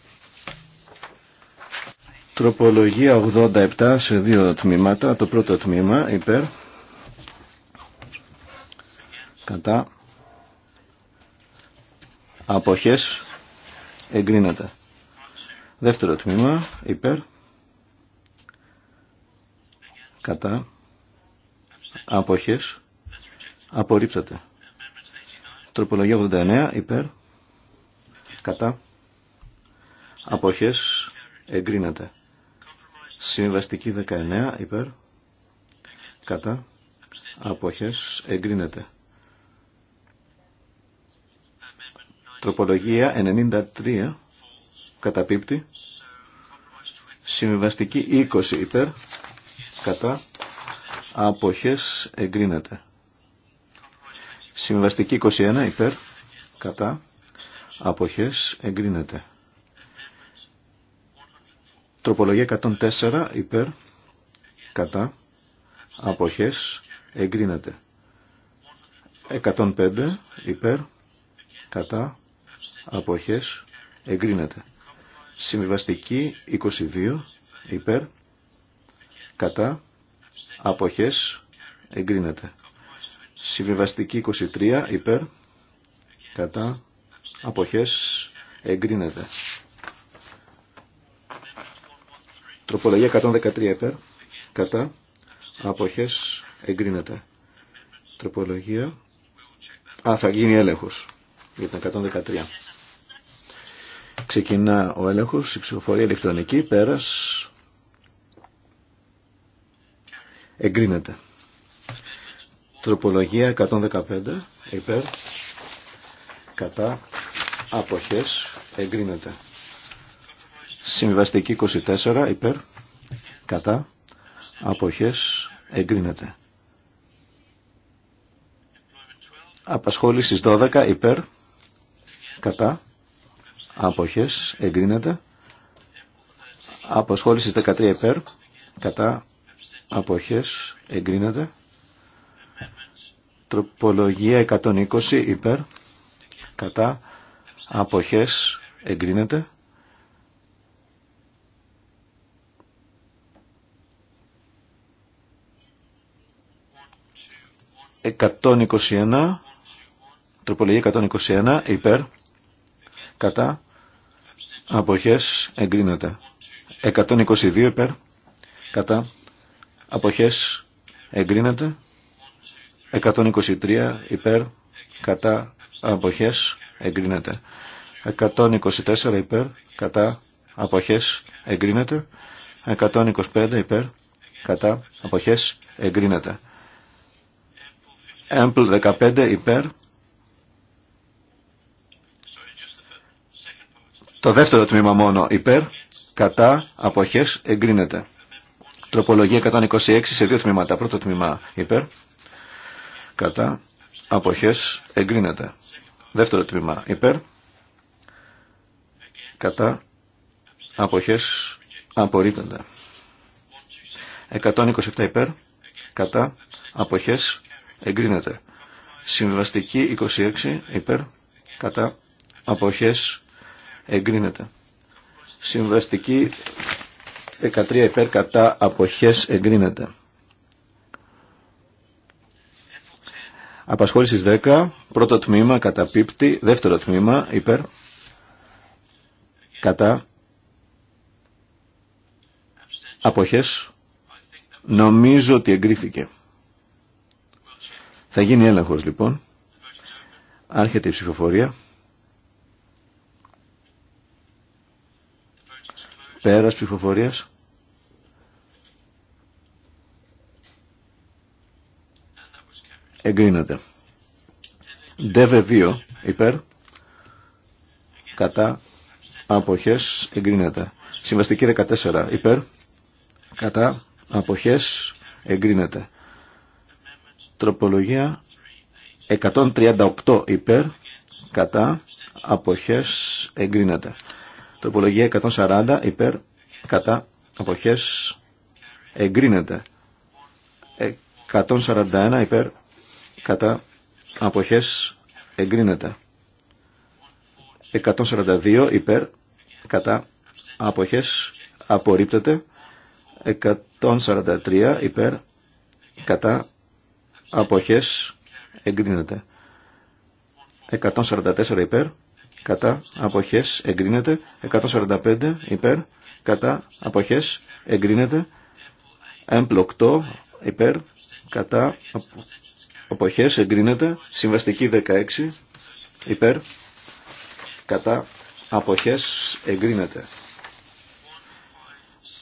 Τροπολογία 87 σε δύο τμήματα. Το πρώτο τμήμα υπέρ κατά αποχές εγκρίνεται. Δεύτερο τμήμα υπέρ κατά αποχές απορρίπτεται. Τροπολογία 89 υπέρ κατά αποχές εγκρίνεται. Συμβαστική 19 υπέρ κατά αποχές εγκρίνεται. Τροπολογία 93 καταπίπτει. Συμβαστική 20 υπέρ κατά αποχές εγκρίνεται. Συμβαστική 21 υπέρ κατά αποχές εγκρίνεται. Τροπολογία 104 υπέρ κατά αποχές εγκρίνεται. 105 υπέρ κατά αποχές εγκρίνεται. Συμβιβαστική 22 υπέρ κατά αποχές εγκρίνεται. Συμβιβαστική 23 υπέρ κατά αποχές εγκρίνεται. Τροπολογία 113 υπέρ κατά αποχές εγκρίνεται. Τροπολογία Α, θα γίνει έλεγχος για την 113. Ξεκινά ο έλεγχος, η ψηφοφορία ηλεκτρονική, πέρας, εγκρίνεται. Τροπολογία 115 υπέρ κατά αποχές εγκρίνεται. Συμβαστική 24 υπέρ κατά αποχές εγκρίνεται. Απασχόλησης 12 υπέρ κατά αποχές εγκρίνεται. Απασχόλησης 13 υπέρ κατά αποχές εγκρίνεται τροπολογία 120 υπέρ κατά αποχές εγκρίνεται 121. τροπολογία 121 υπέρ κατά αποχές εγκρίνεται 122 υπέρ κατά Αποχές εγκρίνεται. 123 υπέρ κατά αποχές εγκρίνεται. 124 υπέρ κατά αποχές εγκρίνεται. 125 υπέρ κατά αποχές εγκρίνεται. Έμπλ 15 υπέρ Το δεύτερο τμήμα μόνο υπέρ, κατά, αποχές, εγκρίνεται. Τροπολογία 126 σε δύο τμήματα. Πρώτο τμήμα υπέρ. Κατά. Αποχές. Εγκρίνεται. Δεύτερο τμήμα υπέρ. Κατά. Αποχές. Απορρίπτεται. 127 υπέρ. Κατά. Αποχές. Εγκρίνεται. Συμβαστική 26 υπέρ. Κατά. Αποχές. Εγκρίνεται. Συμβαστική 13 υπέρ κατά αποχές εγκρίνεται. Απασχόλησης 10, πρώτο τμήμα κατά πίπτη. δεύτερο τμήμα υπέρ κατά αποχές. Νομίζω ότι εγκρίθηκε. Θα γίνει έλεγχος λοιπόν. Άρχεται η ψηφοφορία. Πέρας ψηφοφορίας. εγκρίνεται. ΔΕΒΕ 2 υπέρ κατά αποχές εγκρίνεται. Συμβαστική 14 υπέρ κατά αποχές εγκρίνεται. Τροπολογία 138 υπέρ κατά αποχές εγκρίνεται. Τροπολογία 140 υπέρ κατά αποχές εγκρίνεται. 141 υπέρ κατά αποχές εγκρίνεται. 142 υπέρ κατά αποχές απορρίπτεται. 143 υπέρ κατά αποχές εγκρίνεται. 144 υπέρ κατά αποχές εγκρίνεται. 145 υπέρ κατά αποχές εγκρίνεται. Έμπλοκτό υπέρ κατά Αποχές εγκρίνεται. Συμβαστική 16 υπέρ. Κατά. Αποχές εγκρίνεται.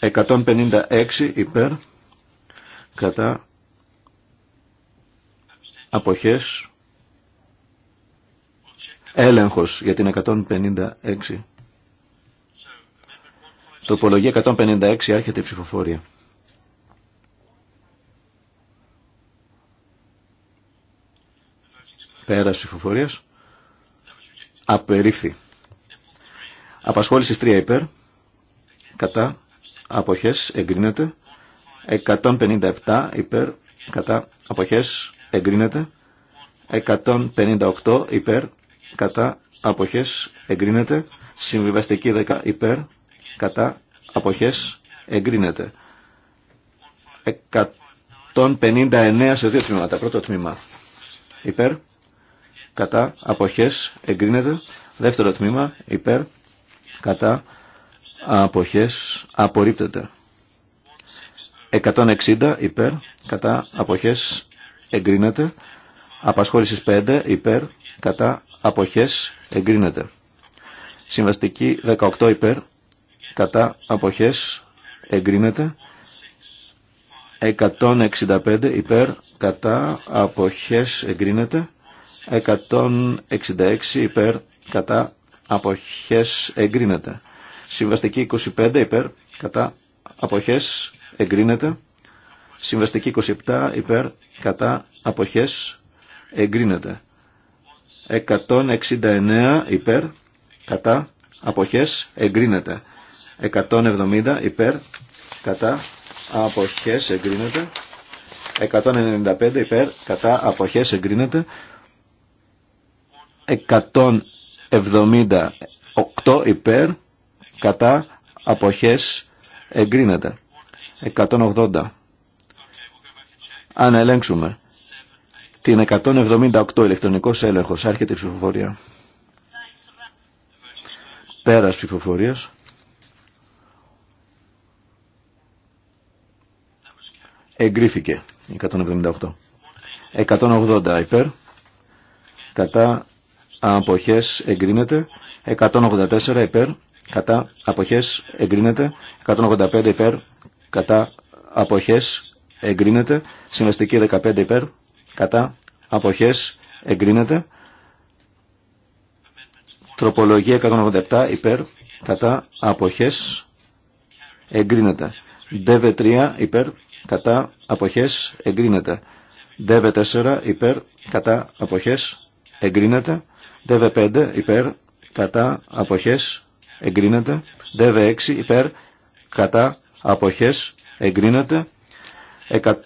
156 υπέρ. Κατά. Αποχές. Έλεγχος για την 156. Τοπολογία 156 άρχεται η ψηφοφόρια. Πέρασε ψηφοφορία. Απερίφθη. Απασχόληση 3 υπέρ. Κατά. Αποχές. Εγκρίνεται. 157 υπέρ. Κατά. Αποχές. Εγκρίνεται. 158 υπέρ. Κατά. Αποχές. Εγκρίνεται. Συμβιβαστική 10 υπέρ. Κατά. Αποχές. Εγκρίνεται. 159 σε δύο τμήματα. Πρώτο τμήμα. Υπέρ κατά αποχές εγκρίνεται. Δεύτερο τμήμα υπέρ κατά αποχές απορρίπτεται. 160 υπέρ κατά αποχές εγκρίνεται. Απασχόλησης 5 υπέρ κατά αποχές εγκρίνεται. Συμβαστική 18 υπέρ κατά αποχές εγκρίνεται. 165 υπέρ κατά αποχές εγκρίνεται. 166 υπέρ κατά αποχές εγκρίνεται. Συμβαστική 25 υπέρ κατά αποχές εγκρίνεται. Συμβαστική 27 υπέρ κατά αποχές εγκρίνεται. 169 υπέρ κατά αποχές εγκρίνεται. 170 υπέρ κατά αποχές εγκρίνεται. 195 υπέρ κατά αποχές εγκρίνεται. 178 υπέρ κατά αποχές εγκρίνεται 180 αν ελέγξουμε την 178 ηλεκτρονικός έλεγχος άρχεται η ψηφοφορία πέρας ψηφοφορίας εγκρίθηκε 178 180 υπέρ κατά αποχές εγκρίνεται 184 υπέρ κατά αποχές εγκρίνεται 185 υπέρ κατά αποχές εγκρίνεται συνεστική 15 υπέρ κατά αποχές εγκρίνεται τροπολογία 187 υπέρ κατά αποχές ΔΒ DV3 υπέρ κατά αποχές ΔΒ DV4 υπέρ κατά αποχές εγκρίνεται δβ 5 υπέρ κατά αποχές εγκρίνεται. δβ 6 υπέρ κατά αποχές εγκρίνεται.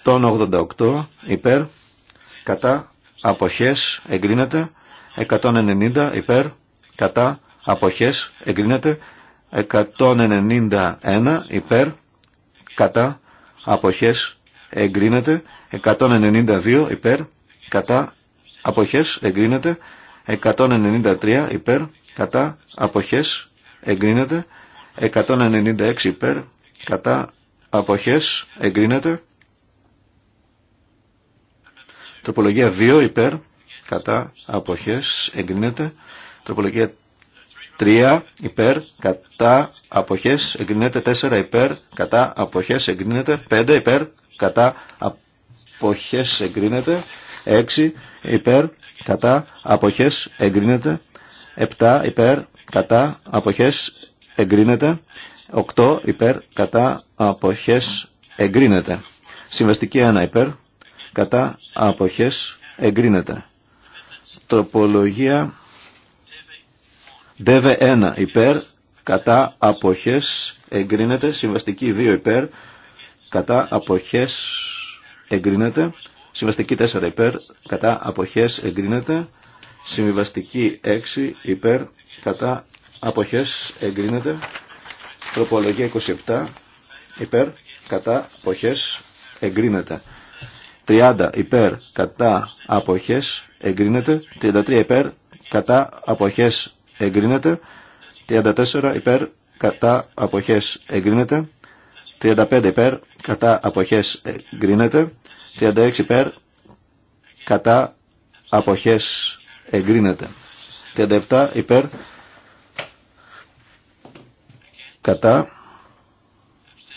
188 υπέρ κατά αποχές εγκρίνεται. 190 υπέρ κατά αποχές εγκρίνεται. 191 υπέρ κατά αποχές εγκρίνεται. 192 υπέρ κατά αποχές εγκρίνεται. 193 υπέρ κατά αποχές εγκρίνεται 196 υπέρ κατά αποχές εγκρίνεται τροπολογία 2 υπέρ κατά αποχές εγκρίνεται τροπολογία 3 υπέρ κατά αποχές εγκρίνεται 4 υπέρ κατά αποχές εγκρίνεται 5 υπέρ κατά αποχές εγκρίνεται 6 υπέρ κατά αποχές εγκρίνεται. 7 υπέρ κατά αποχές εγκρίνεται. 8 υπέρ κατά αποχές εγκρίνεται. Συμβαστική 1 υπέρ κατά αποχές εγκρίνεται. ΔΕΒΕ ΔΒ1 υπέρ κατά αποχές εγκρίνεται. Συμβαστική 2 υπέρ κατά αποχές εγκρίνεται. Συμβαστική 4 υπέρ, κατά αποχές εγκρίνεται. Συμβαστική 6 υπέρ, κατά αποχές εγκρίνεται. Τροπολογία 27 υπέρ, κατά αποχές εγκρίνεται. 30 υπέρ, κατά αποχές εγκρίνεται. 33 υπέρ, κατά αποχές εγκρίνεται. 34 υπέρ, κατά αποχές εγκρίνεται. 35 υπέρ, κατά αποχές εγκρίνεται. 36 υπέρ κατά αποχές εγκρίνεται. 37 υπέρ κατά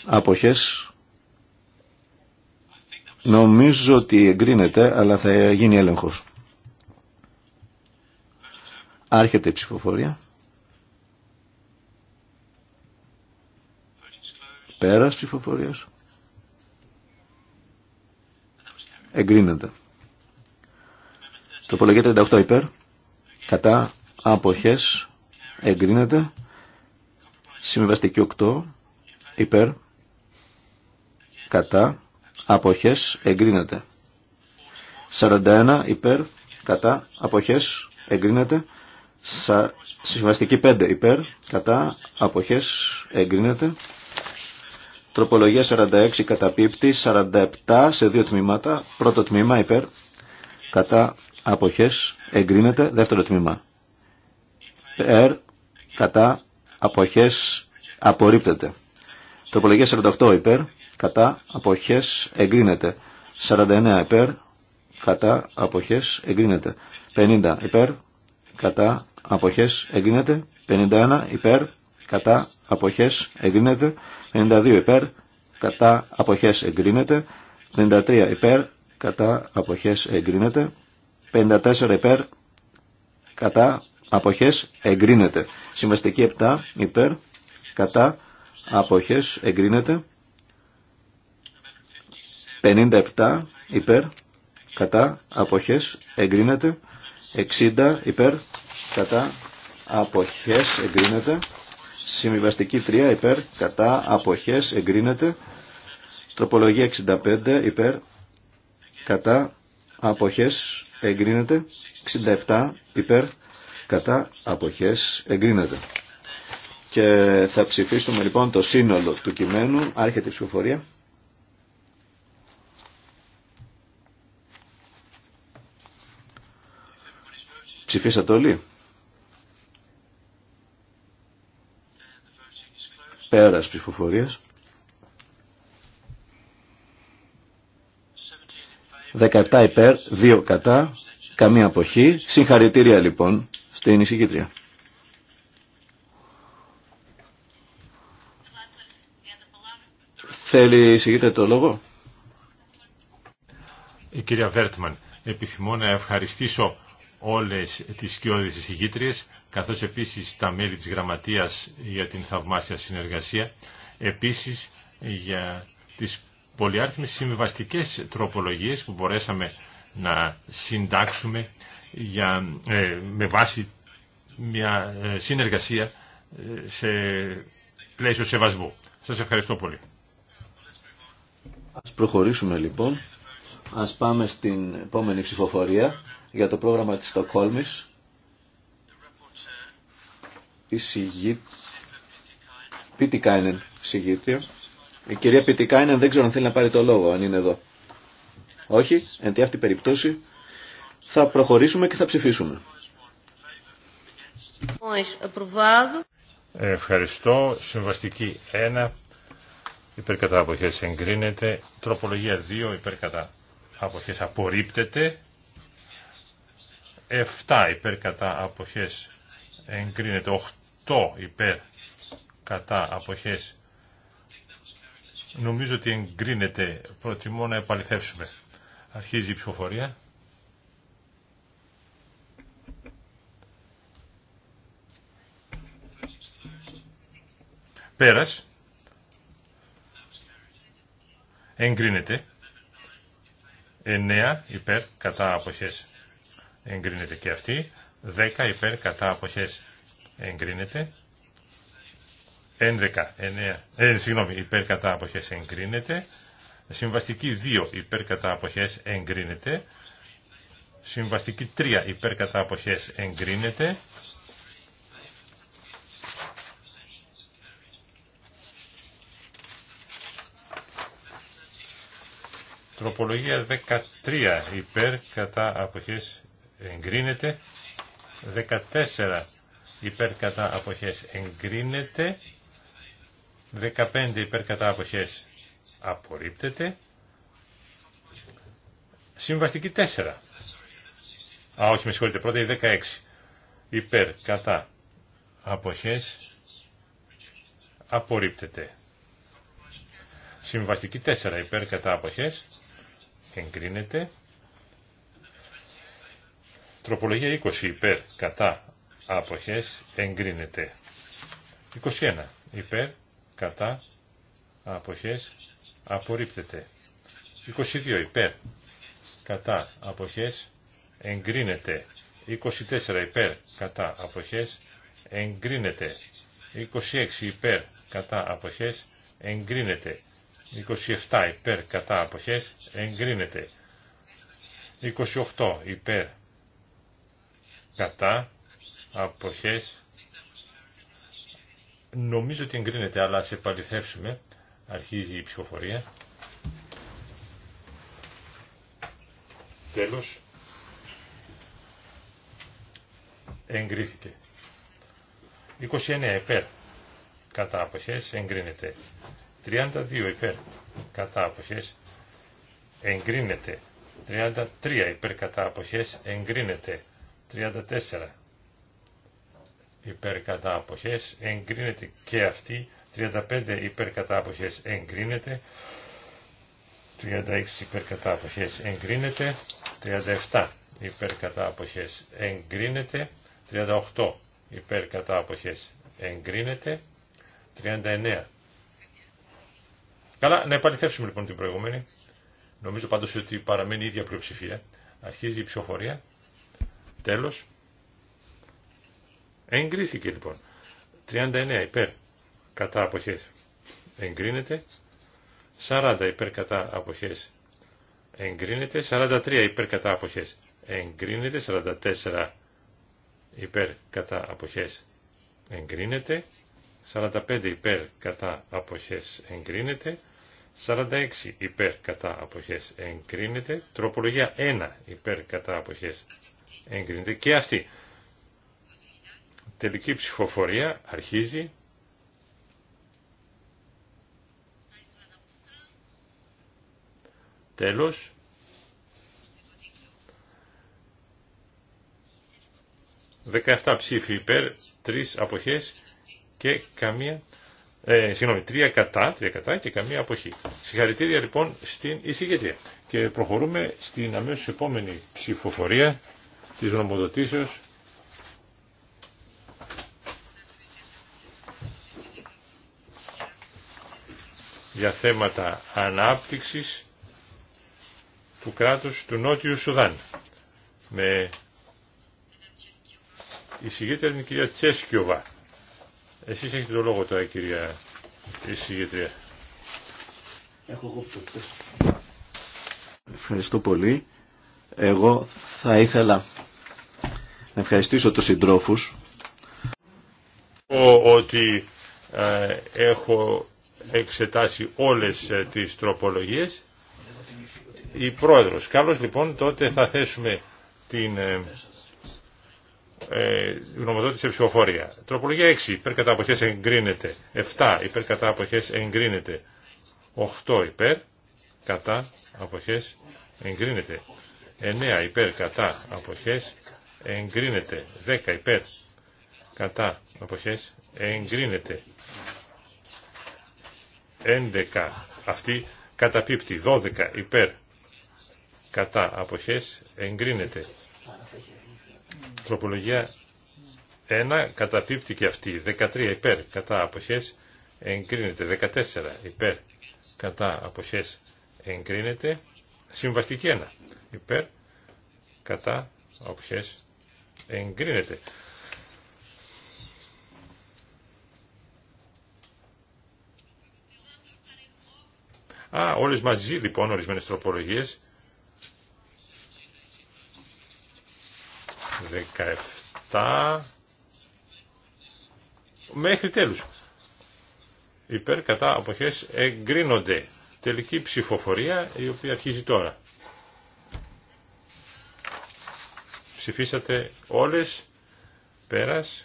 αποχές νομίζω ότι εγκρίνεται αλλά θα γίνει έλεγχος. Άρχεται η ψηφοφορία. Πέρας ψηφοφορίας. εγκρίνεται. Τροπολογία 38 υπέρ, κατά αποχές εγκρίνεται. Συμβαστική 8 υπέρ, κατά αποχές εγκρίνεται. 41 υπέρ, κατά αποχές εγκρίνεται. Συμβαστική 5 υπέρ, κατά αποχές εγκρίνεται. Τροπολογία 46 καταπίπτει, 47 σε δύο τμήματα. Πρώτο τμήμα υπέρ, κατά αποχές, εγκρίνεται. Δεύτερο τμήμα υπέρ, κατά αποχές, απορρίπτεται. Τροπολογία 48 υπέρ, κατά αποχές, εγκρίνεται. 49 υπέρ, κατά αποχές, εγκρίνεται. 50 υπέρ, κατά αποχές, εγκρίνεται. 51 υπέρ, κατά αποχές εγκρίνεται 92 υπέρ κατά αποχές εγκρίνεται 93 υπέρ κατά αποχές εγκρίνεται 54 υπέρ κατά αποχές εγκρίνεται συμβαστική 7 υπέρ κατά αποχές εγκρίνεται 57 υπέρ κατά αποχές εγκρίνεται 60 υπέρ κατά αποχές εγκρίνεται Συμβιβαστική 3 υπέρ κατά αποχές εγκρίνεται. Τροπολογία 65 υπέρ κατά αποχές εγκρίνεται. 67 υπέρ κατά αποχές εγκρίνεται. Και θα ψηφίσουμε λοιπόν το σύνολο του κειμένου. Άρχεται η ψηφοφορία. Ψηφίσατε όλοι. Πέρας ψηφοφορίας. 17 υπέρ, 2 κατά, καμία αποχή. Συγχαρητήρια λοιπόν στην εισηγήτρια. Θέλει εισηγείται το λόγο. Η κυρία Βέρτμαν, επιθυμώ να ευχαριστήσω όλες τις σκιώδεις εισηγήτριες, καθώς επίσης τα μέλη της Γραμματείας για την θαυμάσια συνεργασία, επίσης για τις πολυάριθμες συμβιβαστικές τροπολογίες που μπορέσαμε να συντάξουμε για, ε, με βάση μια ε, συνεργασία ε, σε πλαίσιο σεβασμού. Σας ευχαριστώ πολύ. Ας προχωρήσουμε λοιπόν. Ας πάμε στην επόμενη ψηφοφορία για το πρόγραμμα της Στοκόλμης. Η Πιτικάινεν Κάινεν Η κυρία Πιτικάινεν δεν ξέρω αν θέλει να πάρει το λόγο, αν είναι εδώ. Όχι, εν τη αυτή περιπτώσει θα προχωρήσουμε και θα ψηφίσουμε. Ευχαριστώ. Συμβαστική 1. Υπερκατά αποχές εγκρίνεται. Τροπολογία 2. Υπερκατά αποχές απορρίπτεται. 7 υπέρ κατά αποχές εγκρίνεται 8 υπέρ κατά αποχές νομίζω ότι εγκρίνεται προτιμώ να επαληθεύσουμε αρχίζει η ψηφοφορία πέρας εγκρίνεται 9 υπέρ κατά αποχές εγκρίνεται και αυτή. 10 υπέρ κατά αποχές εγκρίνεται. 11 9, ε, συγγνώμη, υπέρ κατά αποχές εγκρίνεται. Συμβαστική 2 υπέρ κατά αποχές εγκρίνεται. Συμβαστική 3 υπέρ κατά αποχές εγκρίνεται. Τροπολογία 13 υπέρ κατά αποχές εγκρίνεται 14 υπέρ κατά αποχές εγκρίνεται 15 υπέρ κατά αποχές απορρίπτεται συμβαστική 4 α όχι με συγχωρείτε πρώτα η 16 υπέρ κατά αποχές απορρίπτεται συμβαστική 4 υπέρ κατά αποχές εγκρίνεται Τροπολογία 20 υπέρ κατά αποχές εγκρίνεται. 21 υπέρ κατά αποχές απορρίπτεται. 22 υπέρ κατά αποχές εγκρίνεται. 24 υπέρ κατά αποχές εγκρίνεται. 26 υπέρ κατά αποχές εγκρίνεται. 27 υπέρ κατά αποχές εγκρίνεται. 28 υπέρ κατά, αποχές, νομίζω ότι εγκρίνεται, αλλά σε επαληθεύσουμε, αρχίζει η ψηφοφορία. Τέλος, εγκρίθηκε. 29 υπέρ, κατά αποχές, εγκρίνεται. 32 υπέρ, κατά αποχές, εγκρίνεται. 33 υπέρ κατά αποχές εγκρίνεται. 34 υπέρ κατά εγκρίνεται και αυτή 35 υπέρ κατά εγκρίνεται 36 υπέρ κατά εγκρίνεται 37 υπέρ κατά εγκρίνεται 38 υπέρ κατά εγκρίνεται 39 Καλά, να επαληθεύσουμε λοιπόν την προηγούμενη. Νομίζω πάντως ότι παραμένει η ίδια πλειοψηφία. Αρχίζει η ψηφοφορία. Τέλος. Εγκρίθηκε λοιπόν. 39 υπέρ κατά αποχές εγκρίνεται. 40 υπέρ κατά αποχές εγκρίνεται. 43 υπέρ κατά αποχές εγκρίνεται. 44 υπέρ κατά αποχές εγκρίνεται. 45 υπέρ κατά αποχές εγκρίνεται. 46 υπέρ κατά αποχές εγκρίνεται. Τροπολογία 1 υπέρ κατά αποχές Εγκρίνεται και αυτή. Τελική ψηφοφορία αρχίζει. Τέλος. 17 ψήφοι υπέρ, 3 αποχές και καμία, ε, συγγνώμη, 3 κατά, κατά και καμία αποχή. Συγχαρητήρια λοιπόν στην εισηγητρία. Και προχωρούμε στην αμέσως επόμενη ψηφοφορία της γνωμοδοτήσεως. για θέματα ανάπτυξης του κράτους του Νότιου Σουδάν. Με εισηγήτρια την κυρία Τσέσκιοβα. Εσείς έχετε το λόγο τώρα κυρία εισηγήτρια. Ευχαριστώ πολύ. Εγώ θα ήθελα ευχαριστήσω τους συντρόφους. Ότι ε, έχω εξετάσει όλες ε, τις τροπολογίες. Η πρόεδρος. Καλώς λοιπόν τότε θα θέσουμε την ε, ε, γνωμοδότηση σε ψηφοφορία. Τροπολογία 6. Υπέρ κατά αποχές εγκρίνεται. 7. Υπέρ κατά αποχές εγκρίνεται. 8. Υπέρ κατά αποχές εγκρίνεται. 9. Υπέρ κατά αποχές εγκρίνεται. 10 υπέρ κατά αποχές εγκρίνεται. 11 αυτή καταπίπτει. 12 υπέρ κατά αποχές εγκρίνεται. Τροπολογία 1 καταπίπτει και αυτή. 13 υπέρ κατά αποχές εγκρίνεται. 14 υπέρ κατά αποχές εγκρίνεται. Συμβαστική 1 υπέρ κατά αποχές εγκρίνεται. Α, όλες μαζί λοιπόν ορισμένες τροπολογίες. 17 μέχρι τέλους. Υπέρ κατά αποχές εγκρίνονται. Τελική ψηφοφορία η οποία αρχίζει τώρα. Ψηφίσατε όλες. Πέρας.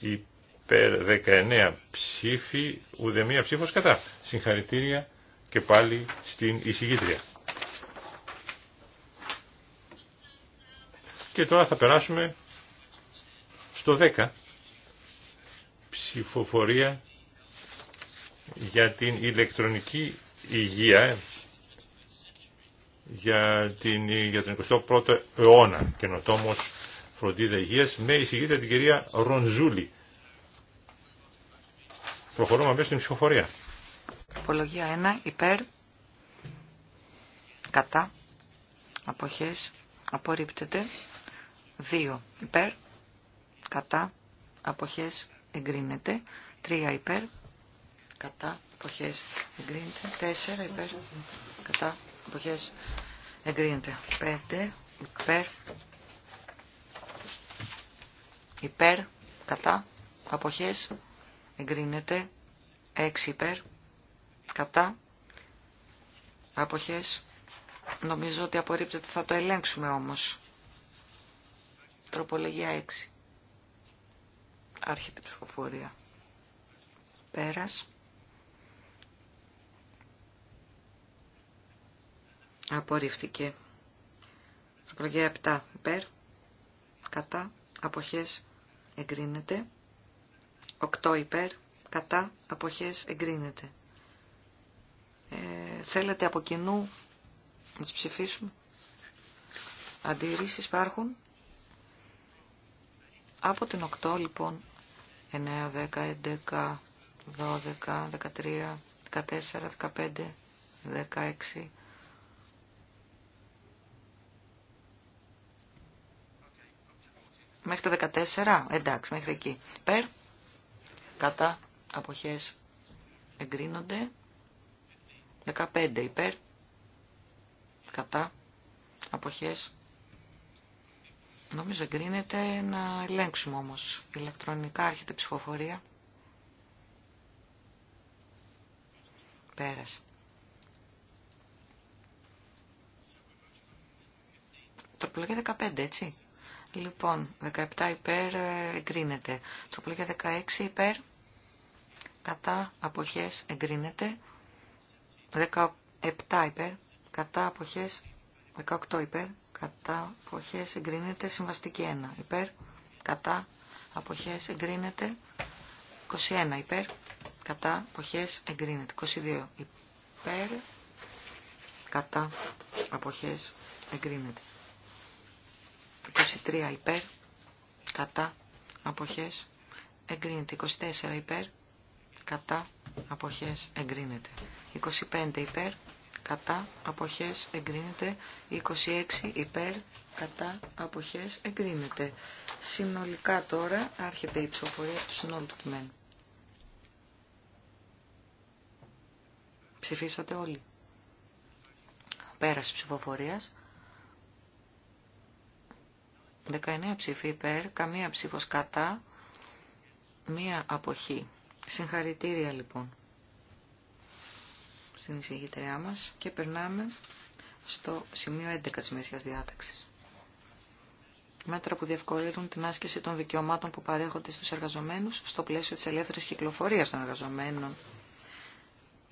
Υπέρ 19 ψήφι, ουδεμία ψήφος κατά. Συγχαρητήρια και πάλι στην εισηγήτρια. Και τώρα θα περάσουμε στο 10. Ψηφοφορία για την ηλεκτρονική υγεία για, την, για τον 21ο αιώνα καινοτόμος φροντίδα υγείας με εισηγείται την κυρία Ρονζούλη. Προχωρούμε αμέσως στην ψηφοφορία. Απολογία 1. Υπέρ. Κατά. Αποχές. Απορρίπτεται. 2. Υπέρ. Κατά. Αποχές. Εγκρίνεται. 3. Υπέρ. Κατά. Αποχές. Εγκρίνεται. 4. Υπέρ. Κατά. Εποχές εγκρίνεται. 5 υπέρ. Υπέρ. Κατά. Αποχές εγκρίνεται. 6 υπέρ. Κατά. Αποχές. Νομίζω ότι απορρίπτεται. Θα το ελέγξουμε όμως. Τροπολογία 6. Άρχεται η ψηφοφορία. Πέρας. Απορρίφθηκε. Τροπολογία 7. Υπέρ. Κατά. Αποχές. Εγκρίνεται. 8. Υπέρ. Κατά. Αποχές. Εγκρίνεται. Ε, θέλετε από κοινού να τις ψηφίσουμε. Αντιρρήσεις υπάρχουν. Από την 8 λοιπόν 9, 10, 11, 12, 13, 14, 15, 16, μέχρι το 14. Εντάξει, μέχρι εκεί. Περ. Κατά. Αποχές. Εγκρίνονται. 15 υπέρ. Κατά. Αποχές. Νομίζω εγκρίνεται να ελέγξουμε όμως. Ηλεκτρονικά έρχεται ψηφοφορία. Πέρασε. Τροπολογία 15, έτσι. Λοιπόν, 17 υπέρ ε, εγκρίνεται. Τροπολογία 16 υπέρ. Κατά αποχές εγκρίνεται. 17 υπέρ. Κατά αποχές 18 υπέρ. Κατά αποχές εγκρίνεται. Συμβαστική 1 υπέρ. Κατά αποχές εγκρίνεται. 21 υπέρ. Κατά αποχές εγκρίνεται. 22 υπέρ. Κατά αποχές εγκρίνεται. 23 υπέρ, κατά, αποχές, εγκρίνεται. 24 υπέρ, κατά, αποχές, εγκρίνεται. 25 υπέρ, κατά, αποχές, εγκρίνεται. 26 υπέρ, κατά, αποχές, εγκρίνεται. Συνολικά τώρα άρχεται η ψηφοφορία του συνόλου του κειμένου. Ψηφίσατε όλοι. Πέραση ψηφοφορίας. 19 ψήφοι υπέρ, καμία ψήφος κατά, μία αποχή. Συγχαρητήρια λοιπόν στην εισηγητριά μας και περνάμε στο σημείο 11 της Μέσιας Διάταξης. Μέτρα που διευκολύνουν την άσκηση των δικαιωμάτων που παρέχονται στους εργαζομένους στο πλαίσιο της ελεύθερης κυκλοφορίας των εργαζομένων.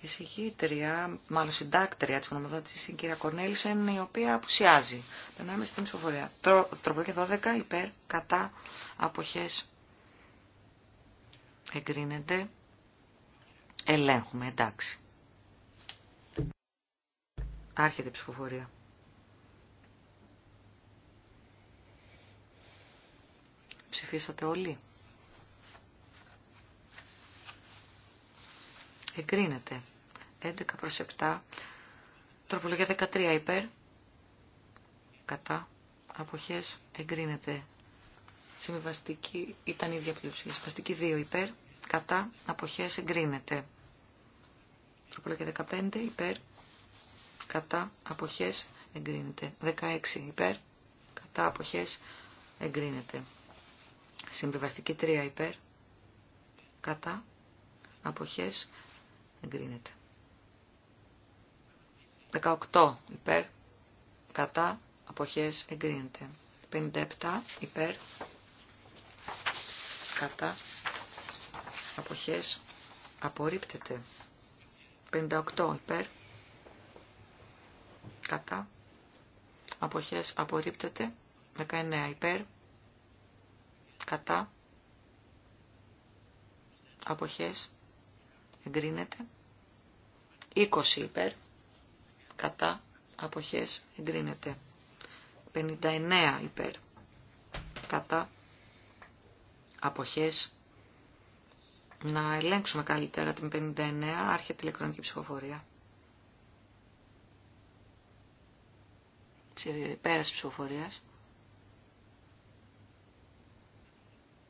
Η συγχύτρια, μάλλον συντάκτρια της γνωμοδότησης, η κυρία Κορνέλισεν, η οποία απουσιάζει. Περνάμε στην ψηφοφορία. Τρο, 12, υπέρ, κατά, αποχές, εγκρίνεται, ελέγχουμε, εντάξει. Άρχεται η ψηφοφορία. Ψηφίσατε όλοι. εγκρίνεται. 11 προς 7, τροπολογία 13 υπέρ, κατά, αποχές, εγκρίνεται. Συμβαστική ήταν η ίδια πλειοψηφία. 2 υπέρ, κατά, αποχές, εγκρίνεται. Τροπολογία 15 υπέρ, κατά, αποχές, εγκρίνεται. 16 υπέρ, κατά, αποχές, εγκρίνεται. Συμβιβαστική 3 υπέρ, κατά, αποχές, εγκρίνεται. 18 υπέρ, κατά, αποχές, εγκρίνεται. 57 υπέρ, κατά, αποχές, απορρίπτεται. 58 υπέρ, κατά, αποχές, απορρίπτεται. 19 υπέρ, κατά, αποχές, εγκρίνεται. 20 υπέρ, κατά, αποχές, εγκρίνεται. 59 υπέρ, κατά, αποχές. Να ελέγξουμε καλύτερα την 59, άρχεται ηλεκτρονική ψηφοφορία. Πέραση ψηφοφορίας.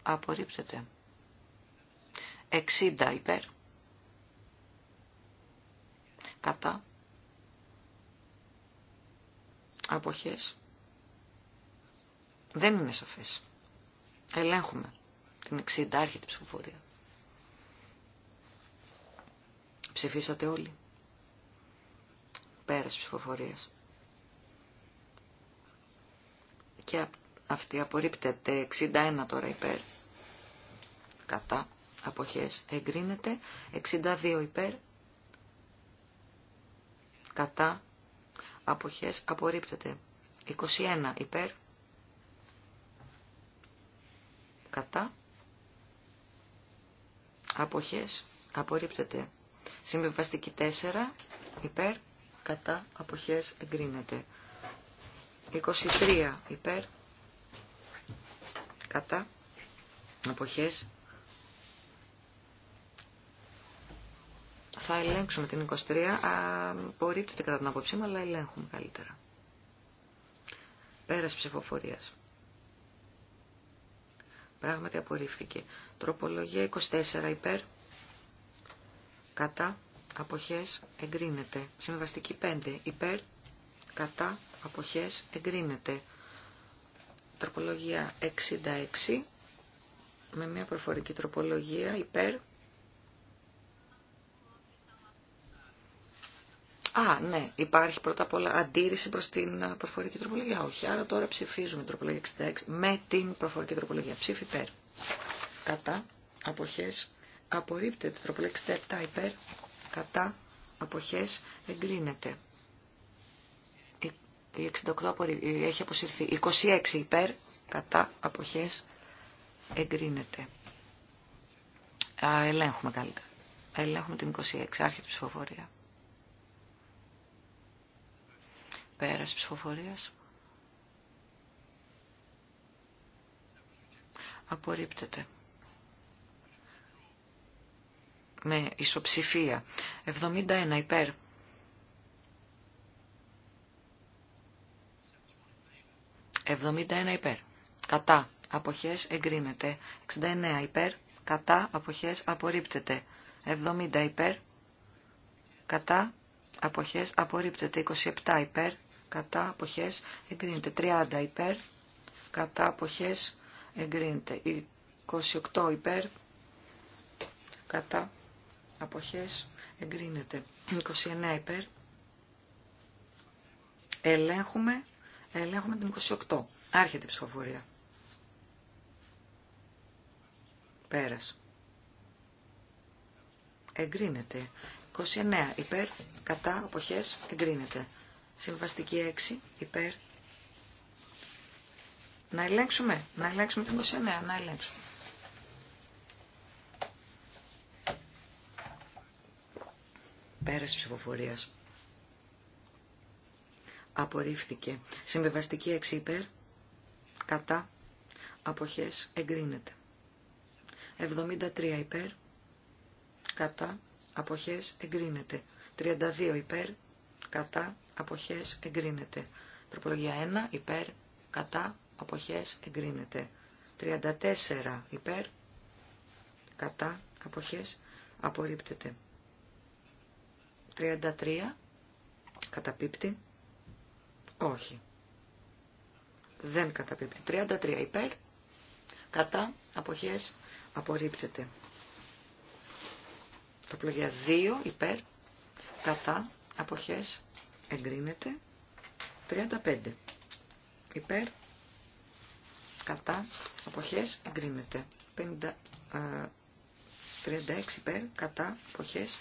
Απορρίπτεται. 60 υπέρ κατά αποχές δεν είναι σαφές. Ελέγχουμε την 60 άρχη ψηφοφορία. Ψηφίσατε όλοι. Πέρας ψηφοφορίας. Και αυτή απορρίπτεται 61 τώρα υπέρ. Κατά αποχές εγκρίνεται 62 υπέρ κατά, αποχές, απορρίπτεται. 21 υπέρ, κατά, αποχές, απορρίπτεται. Συμβιβαστική 4 υπέρ, κατά, αποχές, εγκρίνεται. 23 υπέρ, κατά, αποχές, Θα ελέγξουμε την 23. Απορρίπτεται κατά την άποψή μου, αλλά ελέγχουμε καλύτερα. Πέρας ψηφοφορίας. Πράγματι απορρίφθηκε. Τροπολογία 24 υπέρ. Κατά. Αποχές εγκρίνεται. Συμβαστική 5 υπέρ. Κατά. Αποχές εγκρίνεται. Τροπολογία 66 με μια προφορική τροπολογία υπέρ Α, ναι, υπάρχει πρώτα απ' όλα αντίρρηση προς την προφορική τροπολογία. Όχι, άρα τώρα ψηφίζουμε τροπολογία 66 με την προφορική τροπολογία. Ψήφι υπέρ. Κατά, αποχές, απορρίπτεται. Τροπολογία 67 υπέρ, κατά, αποχές, εγκρίνεται. Η 68 έχει αποσυρθεί. 26 υπέρ, κατά, αποχές, εγκρίνεται. Α, ελέγχουμε καλύτερα. Ελέγχουμε την 26, άρχη ψηφοφορία. Πέραση ψηφοφορία. Απορρίπτεται. Με ισοψηφία. 71 υπέρ. 71 υπέρ. Κατά. Αποχές εγκρίνεται. 69 υπέρ. Κατά. Αποχές απορρίπτεται. 70 υπέρ. Κατά. Αποχές απορρίπτεται. 27 υπέρ κατά αποχές εγκρίνεται. 30 υπέρ, κατά αποχές εγκρίνεται. 28 υπέρ, κατά αποχές εγκρίνεται. 29 υπέρ, ελέγχουμε, ελέγχουμε την 28. Άρχεται η ψηφοφορία. Πέρας. Εγκρίνεται. 29 υπέρ, κατά αποχές εγκρίνεται. Συμβαστική 6 υπέρ. Να ελέγξουμε. Να ελέγξουμε την 29. Να ελέγξουμε. Πέρας ψηφοφορίας. Απορρίφθηκε. Συμβεβαστική 6 υπέρ. Κατά. Αποχές. Εγκρίνεται. 73 υπέρ. Κατά. Αποχές. Εγκρίνεται. 32 υπέρ κατά, αποχές, εγκρίνεται. Τροπολογία 1, υπέρ, κατά, αποχές, εγκρίνεται. 34, υπέρ, κατά, αποχές, απορρίπτεται. 33, καταπίπτει, όχι. Δεν καταπίπτει. 33 υπέρ, κατά, αποχές, απορρίπτεται. Τροπολογία 2 υπέρ, κατά, αποχές εγκρίνεται 35 υπέρ κατά αποχές εγκρίνεται 50, 36 ε, υπέρ κατά αποχές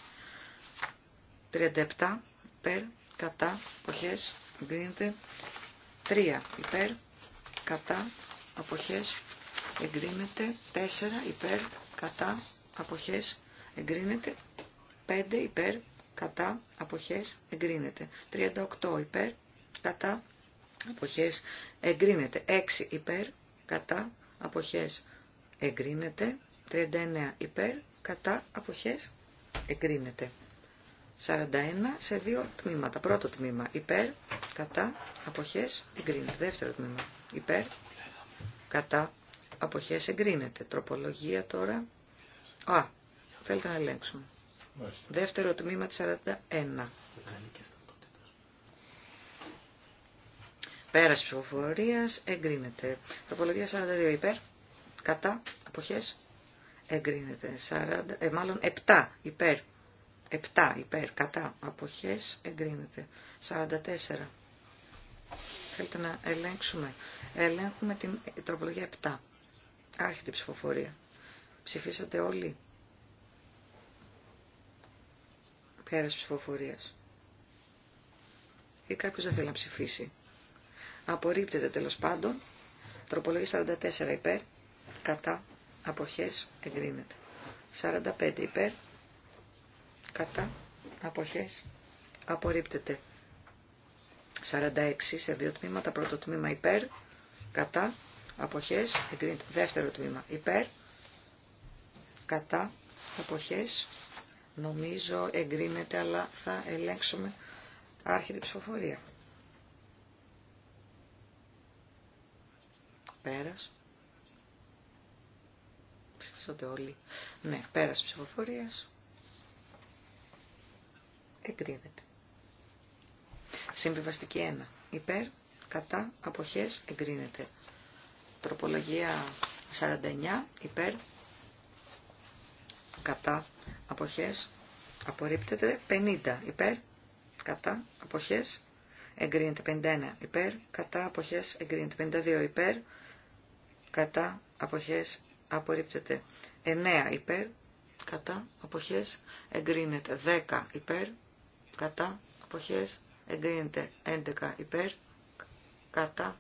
37 υπέρ κατά αποχές εγκρίνεται 3 υπέρ κατά αποχές εγκρίνεται 4 υπέρ κατά αποχές εγκρίνεται 5 υπέρ κατά αποχές εγκρίνεται. 38 υπέρ κατά αποχές εγκρίνεται. 6 υπέρ κατά αποχές εγκρίνεται. 39 υπέρ κατά αποχές εγκρίνεται. 41 σε δύο τμήματα. Πρώτο τμήμα υπέρ κατά αποχές εγκρίνεται. Δεύτερο τμήμα υπέρ κατά αποχές εγκρίνεται. Τροπολογία τώρα. Α, θέλετε να ελέγξουμε. Δεύτερο τμήμα της 41. Πέρας ψηφοφορία εγκρίνεται. Τροπολογία 42 υπέρ. Κατά. απόχέ. Εγκρίνεται. 40, ε, μάλλον 7 υπέρ. 7 υπέρ. Κατά. απόχέ, Εγκρίνεται. 44. Θέλετε να ελέγξουμε. Ελέγχουμε την τροπολογία 7. Άρχεται η ψηφοφορία. Ψηφίσατε όλοι. Πέρας ψηφοφορία. Ή κάποιος δεν θέλει να ψηφίσει. Απορρίπτεται τέλος πάντων. Τροπολογή 44 υπέρ. Κατά. Αποχές. Εγκρίνεται. 45 υπέρ. Κατά. Αποχές. Απορρίπτεται. 46 σε δύο τμήματα. Πρώτο τμήμα υπέρ. Κατά. Αποχές. Εγκρίνεται. Δεύτερο τμήμα υπέρ. Κατά. Αποχές. Νομίζω εγκρίνεται, αλλά θα ελέγξουμε την ψηφοφορία. Πέρας. Ψηφίσατε όλοι. Ναι, πέρας ψηφοφορίας. Εγκρίνεται. Συμβιβαστική 1. Υπέρ, κατά, αποχές, εγκρίνεται. Τροπολογία 49. Υπέρ, κατά, αποχές απορρίπτεται 50 υπέρ κατά αποχές εγκρίνεται 51 υπέρ κατά αποχές εγκρίνεται 52 υπέρ κατά αποχές απορρίπτεται 9 υπέρ κατά αποχές εγκρίνεται 10 υπέρ κατά αποχές εγκρίνεται 11 υπέρ κατά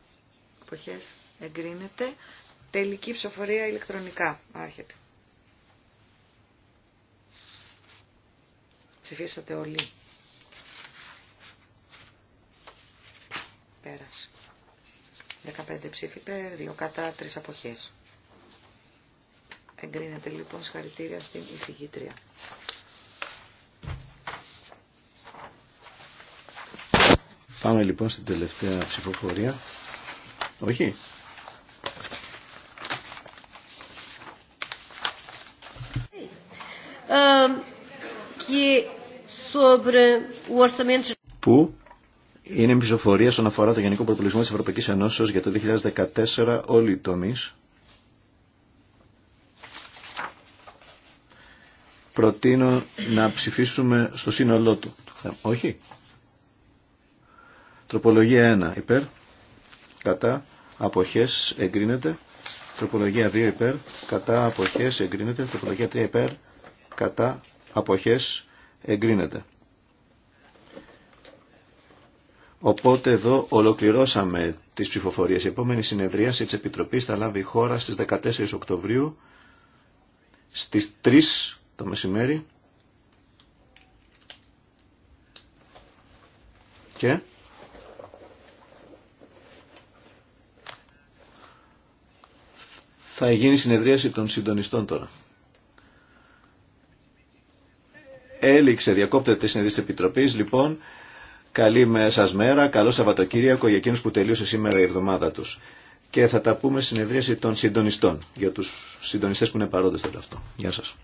αποχές εγκρίνεται τελική ψηφοφορία ηλεκτρονικά άρχεται Ψηφίσατε όλοι. Πέρασε. 15 ψήφοι πέρα, 2 κατά, 3 αποχές. Εγκρίνεται λοιπόν συγχαρητήρια στην εισηγήτρια. Πάμε λοιπόν στην τελευταία ψηφοφορία. Όχι. Um, και που είναι η ψηφοφορία αφορά το Γενικό προπολισμό της Ευρωπαϊκής Ενώσεως για το 2014 όλοι οι τομείς. Προτείνω να ψηφίσουμε στο σύνολό του. Όχι. Τροπολογία 1 υπέρ, κατά, αποχές εγκρίνεται. Τροπολογία 2 υπέρ, κατά, αποχές εγκρίνεται. Τροπολογία 3 υπέρ, κατά, αποχές εγκρίνεται. Οπότε εδώ ολοκληρώσαμε τις ψηφοφορίες. Η επόμενη συνεδρίαση της Επιτροπής θα λάβει η χώρα στις 14 Οκτωβρίου στις 3 το μεσημέρι και θα γίνει συνεδρίαση των συντονιστών τώρα. Έληξε, διακόπτεται τη συνεδρία της Επιτροπής. Λοιπόν, καλή σας μέρα, καλό Σαββατοκύριακο για εκείνους που τελείωσε σήμερα η εβδομάδα τους. Και θα τα πούμε συνεδρίαση των συντονιστών, για τους συντονιστές που είναι παρόντες τώρα αυτό. Γεια σας.